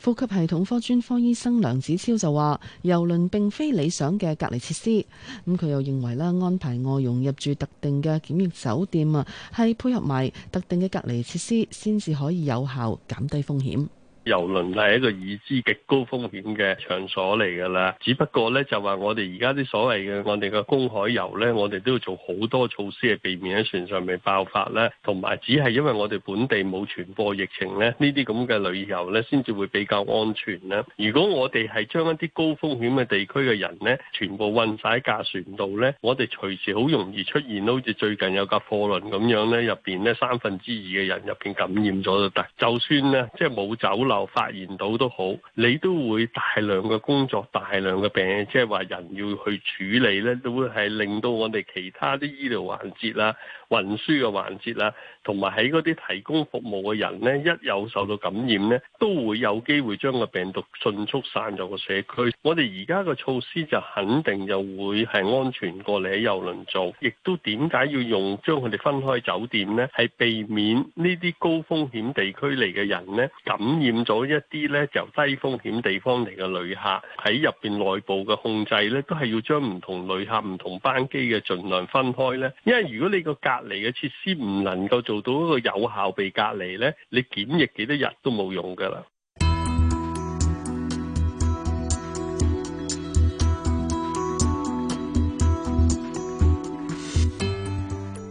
呼吸系統科專科醫生梁子超就話：郵輪並非理想嘅隔離設施，咁佢又認為咧，安排外傭入住特定嘅檢疫酒店啊，係配合埋特定嘅隔離設施，先至可以有效減低風險。遊輪係一個已知極高風險嘅場所嚟㗎啦，只不過呢，就話我哋而家啲所謂嘅我哋嘅公海遊呢，我哋都要做好多措施去避免喺船上面爆發啦，同埋只係因為我哋本地冇傳播疫情呢，呢啲咁嘅旅遊呢，先至會比較安全啦。如果我哋係將一啲高風險嘅地區嘅人呢，全部運晒喺架船度呢，我哋隨時好容易出現好似最近有架貨輪咁樣呢，入邊呢三分之二嘅人入邊感染咗就得，就算呢，即係冇走發現到都好，你都會大量嘅工作、大量嘅病，即係話人要去處理咧，都會係令到我哋其他啲醫療環節啦、運輸嘅環節啦。同埋喺嗰啲提供服務嘅人咧，一有受到感染咧，都會有機會將個病毒迅速散咗個社區。我哋而家個措施就肯定又會係安全過嚟喺遊輪做，亦都點解要用將佢哋分開酒店咧？係避免呢啲高風險地區嚟嘅人咧感染咗一啲咧，由低風險地方嚟嘅旅客。喺入邊內部嘅控制咧，都係要將唔同旅客唔同班機嘅儘量分開咧。因為如果你個隔離嘅設施唔能夠做做到一個有效被隔離咧，你檢疫幾多日都冇用噶啦。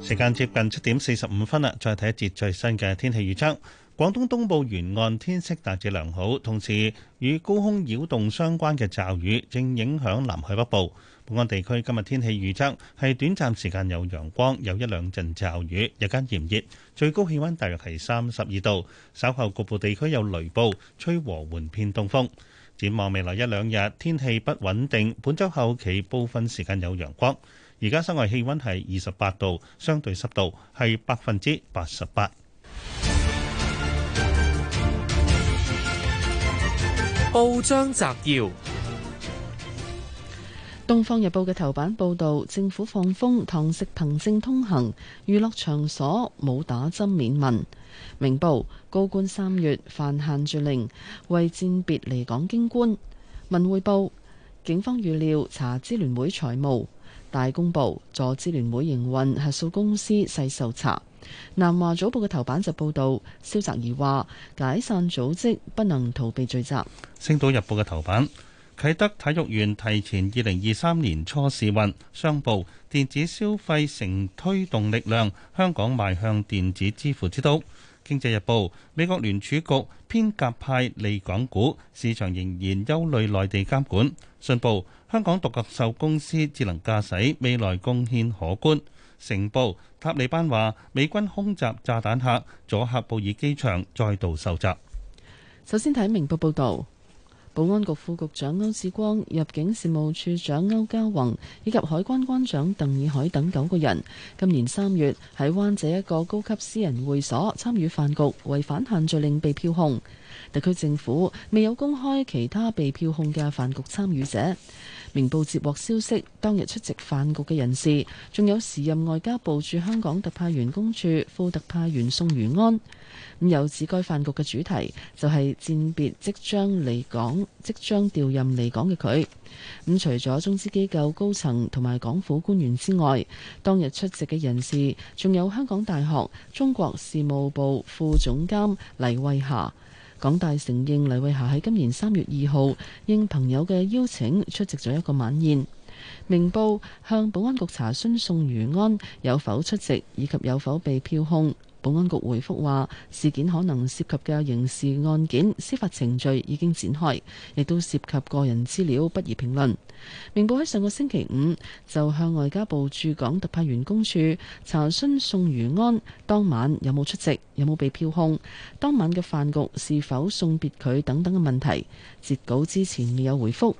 時間接近七點四十五分啦，再睇一節最新嘅天氣預測。廣東東部沿岸天色大致良好，同時與高空擾動相關嘅驟雨正影響南海北部。本港地區今日天氣預測係短暫時間有陽光，有一兩陣驟雨，日間炎熱，最高氣温大約係三十二度。稍後局部地區有雷暴，吹和緩偏東風。展望未來一兩日天氣不穩定。本周後期部分時間有陽光。而家室外氣温係二十八度，相對濕度係百分之八十八。報章摘要。《東方日報》嘅頭版報道，政府放風堂食憑證通行，娛樂場所冇打針免問。《明報》高官三月犯限住令，為甄別離港京官。《文匯報》警方預料查支聯會財務。《大公報》助支聯會營運核數公司細受查。《南華早報》嘅頭版就報道，蕭澤頤話解散組織不能逃避罪責。《星島日報》嘅頭版，啟德體育園提前2023年初試運。商報：電子消費成推動力量，香港邁向電子支付之都。經濟日報：美國聯儲局偏鴿派利港股，市場仍然憂慮內地監管。信報：香港獨角獸公司智能駕駛未來貢獻可觀。成報：塔利班話美軍空襲炸彈客，阻嚇布爾機場再度受襲。首先睇明報報道。保安局副局長區志光、入境事務處長區嘉宏以及海關關長鄧以海等九個人，今年三月喺灣仔一個高級私人會所參與飯局，違反限聚令被票控。特區政府未有公開其他被票控嘅飯局參與者。明報接獲消息，當日出席飯局嘅人士，仲有時任外交部駐香港特派員公署副特派員宋如安。咁又指該飯局嘅主題就係餞別即將離港、即將調任離港嘅佢。咁除咗中資機構高層同埋港府官員之外，當日出席嘅人士仲有香港大學中國事務部副總監黎慧霞。港大承認黎慧霞喺今年三月二號應朋友嘅邀請出席咗一個晚宴。明報向保安局查詢宋如安有否出席，以及有否被票控。保安局回覆話：事件可能涉及嘅刑事案件司法程序已經展開，亦都涉及個人資料，不宜評論。明報喺上個星期五就向外交部駐港特派員公署查詢宋，宋如安當晚有冇出席，有冇被票控，當晚嘅飯局是否送別佢等等嘅問題，截稿之前未有回覆。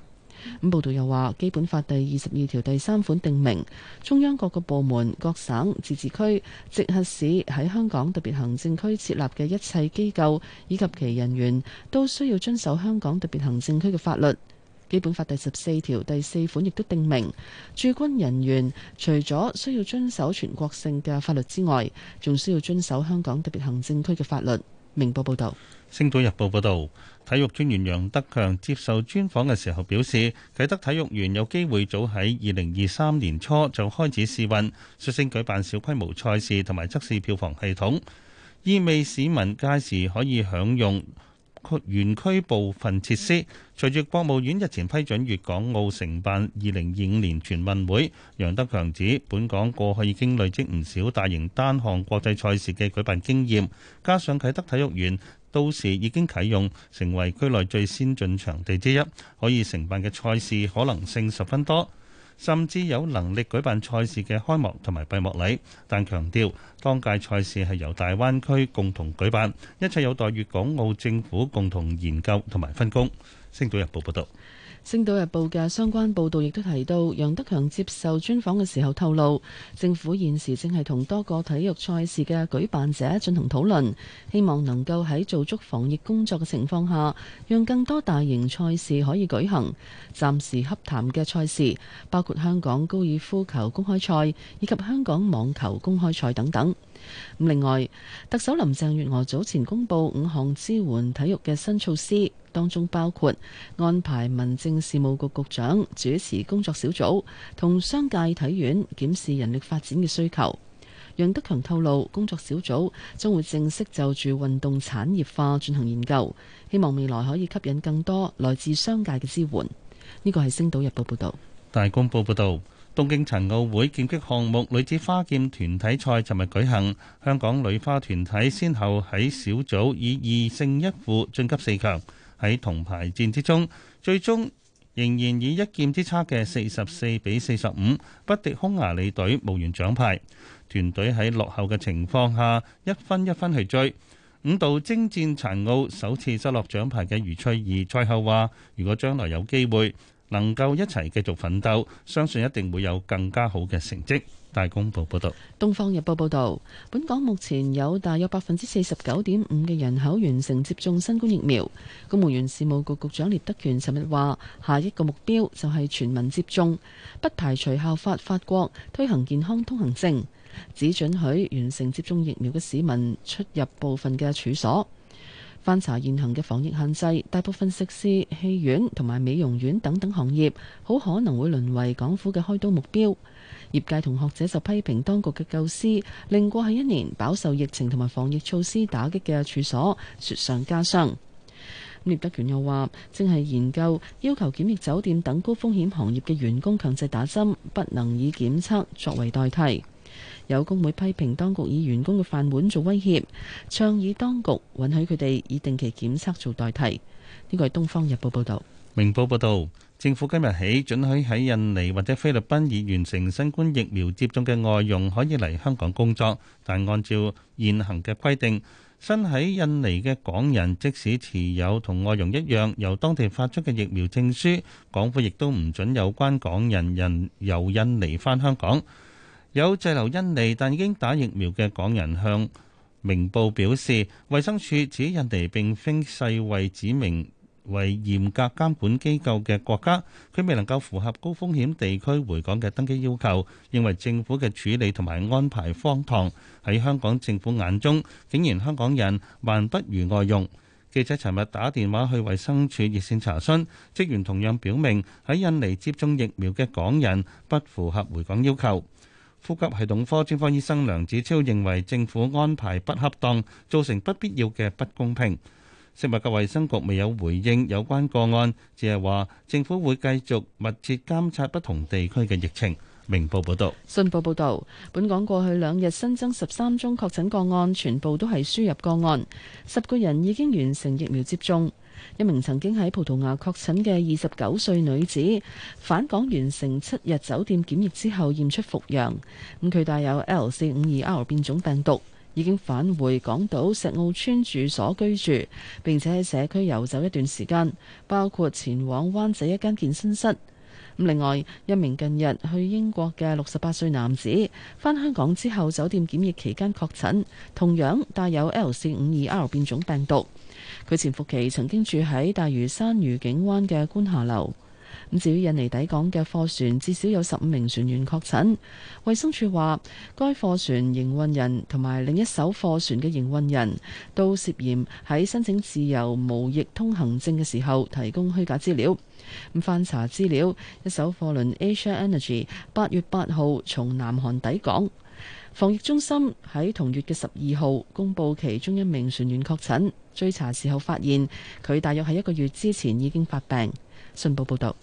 咁報道又話，《基本法》第二十二條第三款定明，中央各個部門、各省、自治區、直轄市喺香港特別行政區設立嘅一切機構以及其人員，都需要遵守香港特別行政區嘅法律。《基本法》第十四條第四款亦都定明，駐軍人員除咗需要遵守全國性嘅法律之外，仲需要遵守香港特別行政區嘅法律。明報報導。《星島日報》報導，體育專員楊德強接受專訪嘅時候表示，啟德體育園有機會早喺二零二三年初就開始試運，率先舉辦小規模賽事同埋測試票房系統，意味市民屆時可以享用園區部分設施。隨住國務院日前批准粵港澳承辦二零二五年全運會，楊德強指本港過去已經累積唔少大型單項國際賽事嘅舉辦經驗，加上啟德體育園，到時已經啟用，成為區內最先進場地之一，可以承辦嘅賽事可能性十分多，甚至有能力舉辦賽事嘅開幕同埋閉幕禮。但強調，當屆賽事係由大灣區共同舉辦，一切有待粵港澳政府共同研究同埋分工。星島日報報道。《星島日報》嘅相關報導亦都提到，楊德強接受專訪嘅時候透露，政府現時正係同多個體育賽事嘅舉辦者進行討論，希望能夠喺做足防疫工作嘅情況下，讓更多大型賽事可以舉行。暫時洽談嘅賽事包括香港高爾夫球公開賽以及香港網球公開賽等等。另外，特首林鄭月娥早前公布五項支援體育嘅新措施，當中包括安排民政事務局局長主持工作小組，同商界體院檢視人力發展嘅需求。楊德強透露，工作小組將會正式就住運動產業化進行研究，希望未來可以吸引更多來自商界嘅支援。呢個係《星島日報》報道，《大公報》報道。東京殘奧會劍擊項目女子花劍團體賽尋日舉行，香港女花團體先後喺小組以二勝一負晉級四強。喺銅牌戰之中，最終仍然以一劍之差嘅四十四比四十五不敵匈牙利隊，無緣獎牌。團隊喺落後嘅情況下，一分一分去追。五度征戰殘奧首次失落獎牌嘅余翠怡賽後話：如果將來有機會，能夠一齊繼續奮鬥，相信一定會有更加好嘅成績。大公報報道，東方日報報道，本港目前有大約百分之四十九點五嘅人口完成接種新冠疫苗。公務員事務局局,局長聶德權尋日話：下一個目標就係全民接種，不排除效法法,法國推行健康通行證，只准許完成接種疫苗嘅市民出入部分嘅處所。翻查現行嘅防疫限制，大部分食肆、戲院同埋美容院等等行業，好可能會淪為港府嘅開刀目標。業界同學者就批評當局嘅構思，令過去一年飽受疫情同埋防疫措施打擊嘅處所雪上加霜。聶德權又話，正係研究要求檢疫酒店等高風險行業嘅員工強制打針，不能以檢測作為代替。有工會批評當局以員工嘅飯碗做威脅，倡議當局允許佢哋以定期檢測做代替。呢個係《東方日報》報導，《明報》報導，政府今日起准許喺印尼或者菲律賓已完成新冠疫苗接種嘅外傭可以嚟香港工作，但按照現行嘅規定，身喺印尼嘅港人即使持有同外傭一樣由當地發出嘅疫苗證書，港府亦都唔准有關港人人由印尼返香港。有滯留印尼但已經打疫苗嘅港人向明報表示，衞生署指印尼並非世衞指明為嚴格監管機構嘅國家，佢未能夠符合高風險地區回港嘅登機要求，認為政府嘅處理同埋安排荒唐。喺香港政府眼中，竟然香港人還不如外傭。記者尋日打電話去衞生署熱線查詢，職員同樣表明喺印尼接種疫苗嘅港人不符合回港要求。呼吸系統科專科醫生梁子超認為政府安排不恰當，造成不必要嘅不公平。食物及衞生局未有回應有關個案，只係話政府會繼續密切監察不同地區嘅疫情。明報報道，信報報道，本港過去兩日新增十三宗確診個案，全部都係輸入個案，十個人已經完成疫苗接種。一名曾經喺葡萄牙確診嘅二十九歲女子，返港完成七日酒店檢疫之後驗出復陽。咁佢帶有 L 四五二 R 變種病毒，已經返回港島石澳村住所居住，並且喺社區遊走一段時間，包括前往灣仔一間健身室。另外，一名近日去英國嘅六十八歲男子返香港之後，酒店檢疫期間確診，同樣帶有 L 四五二 R 變種病毒。佢潛伏期曾經住喺大嶼山愉景灣嘅觀霞樓。咁至於印尼抵港嘅貨船，至少有十五名船員確診。衛生署話，該貨船營運人同埋另一艘貨船嘅營運人都涉嫌喺申請自由無疫通行證嘅時候提供虛假資料。咁翻查資料，一艘貨輪 Asia Energy 八月八號從南韓抵港。防疫中心喺同月嘅十二號公佈其中一名船員確診，追查時候發現佢大約喺一個月之前已經發病。信報報導，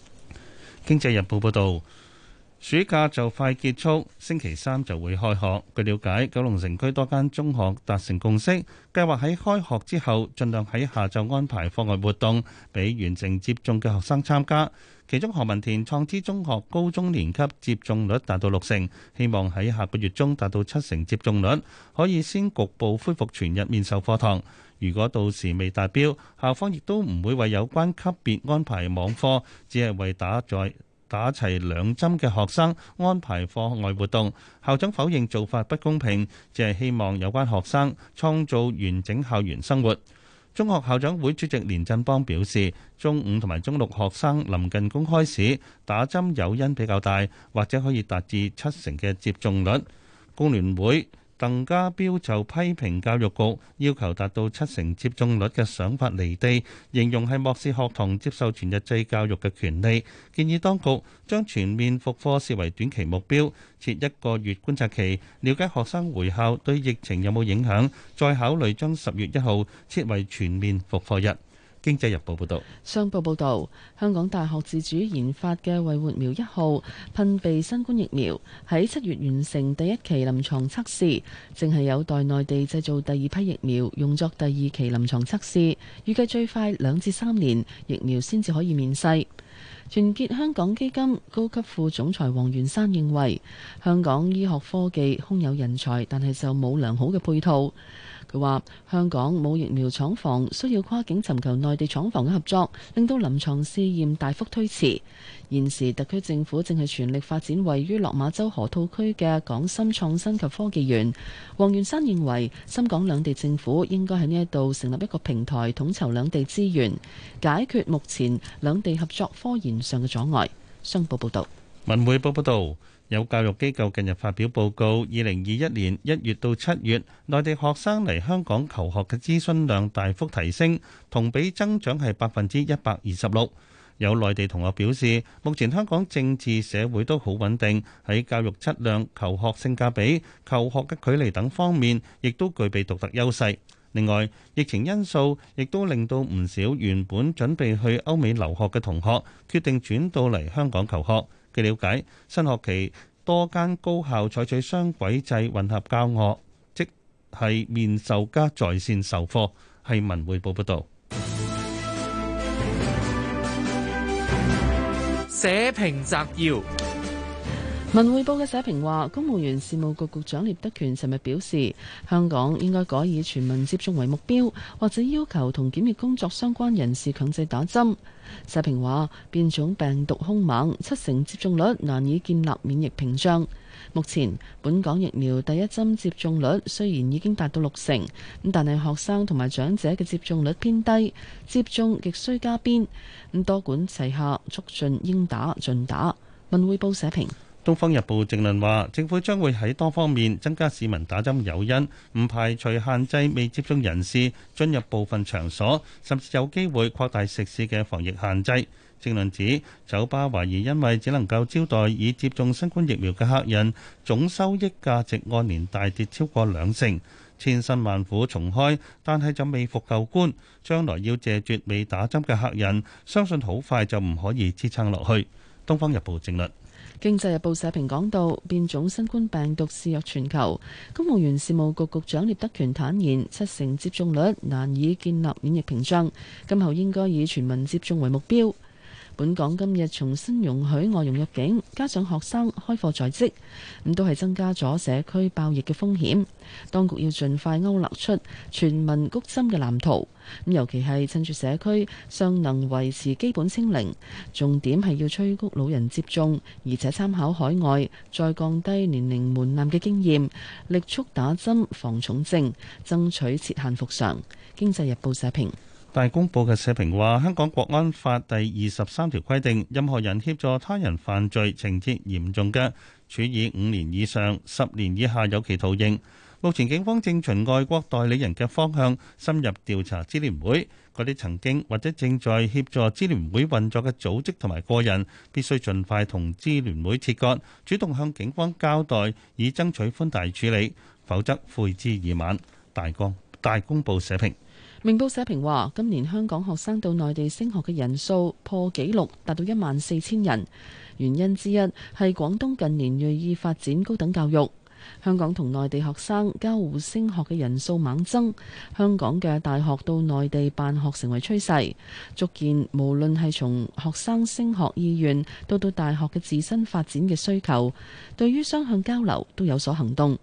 《經濟日報》報道：「暑假就快結束，星期三就會開學。據了解，九龍城區多間中學達成共識，計劃喺開學之後，盡量喺下晝安排課外活動，俾完成接種嘅學生參加。其中何文田創知中學高中年級接種率達到六成，希望喺下個月中達到七成接種率，可以先局部恢復全日面授課堂。如果到時未達標，校方亦都唔會為有關級別安排網課，只係為打在打齊兩針嘅學生安排課外活動。校長否認做法不公平，只係希望有關學生創造完整校園生活。中學校長會主席連振邦表示，中五同埋中六學生臨近公開試打針誘因比較大，或者可以達至七成嘅接種率。工聯會。鄧家彪就批評教育局要求達到七成接種率嘅想法離地，形容係漠視學童接受全日制教育嘅權利，建議當局將全面復課視為短期目標，設一個月觀察期，了解學生回校對疫情有冇影響，再考慮將十月一號設為全面復課日。經濟日報報道，商報報道，香港大學自主研發嘅衛活苗一號噴鼻新冠疫苗喺七月完成第一期臨床測試，淨係有待內地製造第二批疫苗用作第二期臨床測試，預計最快兩至三年疫苗先至可以面世。團結香港基金高級副總裁黃元山認為，香港醫學科技空有人才，但係就冇良好嘅配套。佢話：香港冇疫苗廠房，需要跨境尋求內地廠房嘅合作，令到臨床試驗大幅推遲。現時特區政府正係全力發展位於落馬洲河套區嘅港深創新及科技園。黃元山認為，深港兩地政府應該喺呢一度成立一個平台，統籌兩地資源，解決目前兩地合作科研上嘅阻礙。商報報道。文匯報報導。有教育機構近日發表報告，二零二一年一月到七月，內地學生嚟香港求學嘅諮詢量大幅提升，同比增長係百分之一百二十六。有內地同學表示，目前香港政治社會都好穩定，喺教育質量、求學性價比、求學嘅距離等方面，亦都具備獨特優勢。另外，疫情因素亦都令到唔少原本準備去歐美留學嘅同學，決定轉到嚟香港求學。據了解，新學期多間高校採取雙軌制混合教學，即係面授加在綫授課。係文匯報報道。社評摘要。文匯報嘅社評話，公務員事務局局長聶德權尋日表示，香港應該改以全民接種為目標，或者要求同檢疫工作相關人士強制打針。社評話，變種病毒凶猛，七成接種率難以建立免疫屏障。目前本港疫苗第一針接種率雖然已經達到六成，咁但係學生同埋長者嘅接種率偏低，接種亦需加鞭，咁多管齊下，促進應打盡打。文匯報社評。《東方日報》正論話，政府將會喺多方面增加市民打針誘因，唔排除限制未接種人士進入部分場所，甚至有機會擴大食肆嘅防疫限制。正論指酒吧懷疑，因為只能夠招待已接種新冠疫苗嘅客人，總收益價值按年大跌超過兩成，千辛萬苦重開，但係就未復舊觀，將來要謝絕未打針嘅客人，相信好快就唔可以支撐落去。《東方日報》正論。經濟日報社評講到，變種新冠病毒肆虐全球，公務員事務局局長聶德權坦言，七成接種率難以建立免疫屏障，今後應該以全民接種為目標。本港今日重新容許外傭入境，加上學生開課在即，咁都係增加咗社區爆疫嘅風險。當局要盡快勾勒出全民谷針嘅藍圖，咁尤其係趁住社區尚能維持基本清零，重點係要吹谷老人接種，而且參考海外再降低年齡門檻嘅經驗，力促打針防重症，爭取切限復常。經濟日報社評。大公報嘅社評話：香港國安法第二十三條規定，任何人協助他人犯罪，情節嚴重嘅，處以五年以上十年以下有期徒刑。目前警方正循外國代理人嘅方向深入調查支聯會，嗰啲曾經或者正在協助支聯會運作嘅組織同埋個人，必須盡快同支聯會切割，主動向警方交代，以爭取寬大處理，否則悔之已晚。大公大公報社評。明報社評話，今年香港學生到內地升學嘅人數破紀錄，達到一萬四千人。原因之一係廣東近年銳意發展高等教育，香港同內地學生交互升學嘅人數猛增。香港嘅大學到內地辦學成為趨勢，足見無論係從學生升學意願到到大學嘅自身發展嘅需求，對於雙向交流都有所行動。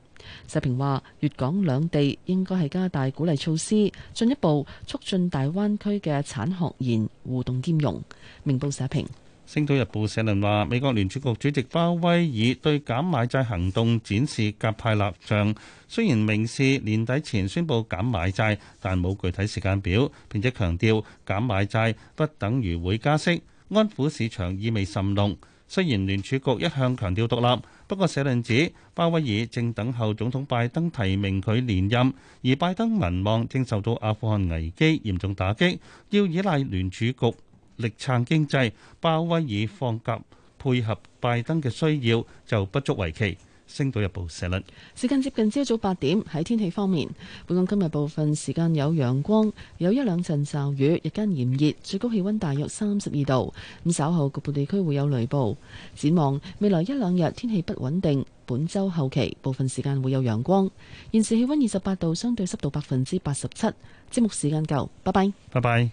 社評話，粵港兩地應該係加大鼓勵措施，進一步促進大灣區嘅產學研互動兼容。明報社評，《星島日報》社論話，美國聯儲局主席鮑威爾對減買債行動展示鴿派立場，雖然明示年底前宣布減買債，但冇具體時間表，並且強調減買債不等於會加息，安撫市場意味甚濃。雖然聯儲局一向強調獨立。不過，社論指鮑威爾正等候總統拜登提名佢連任，而拜登民望正受到阿富汗危機嚴重打擊，要依賴聯儲局力撐經濟，鮑威爾放鴿配合拜登嘅需要就不足為奇。升到一部石率。時間接近朝早八點，喺天氣方面，本港今日部分時間有陽光，有一兩陣驟雨，日間炎熱，最高氣溫大約三十二度。咁稍後局部地區會有雷暴。展望未來一兩日天氣不穩定，本周後期部分時間會有陽光。現時氣溫二十八度，相對濕度百分之八十七。節目時間夠，拜拜。拜拜。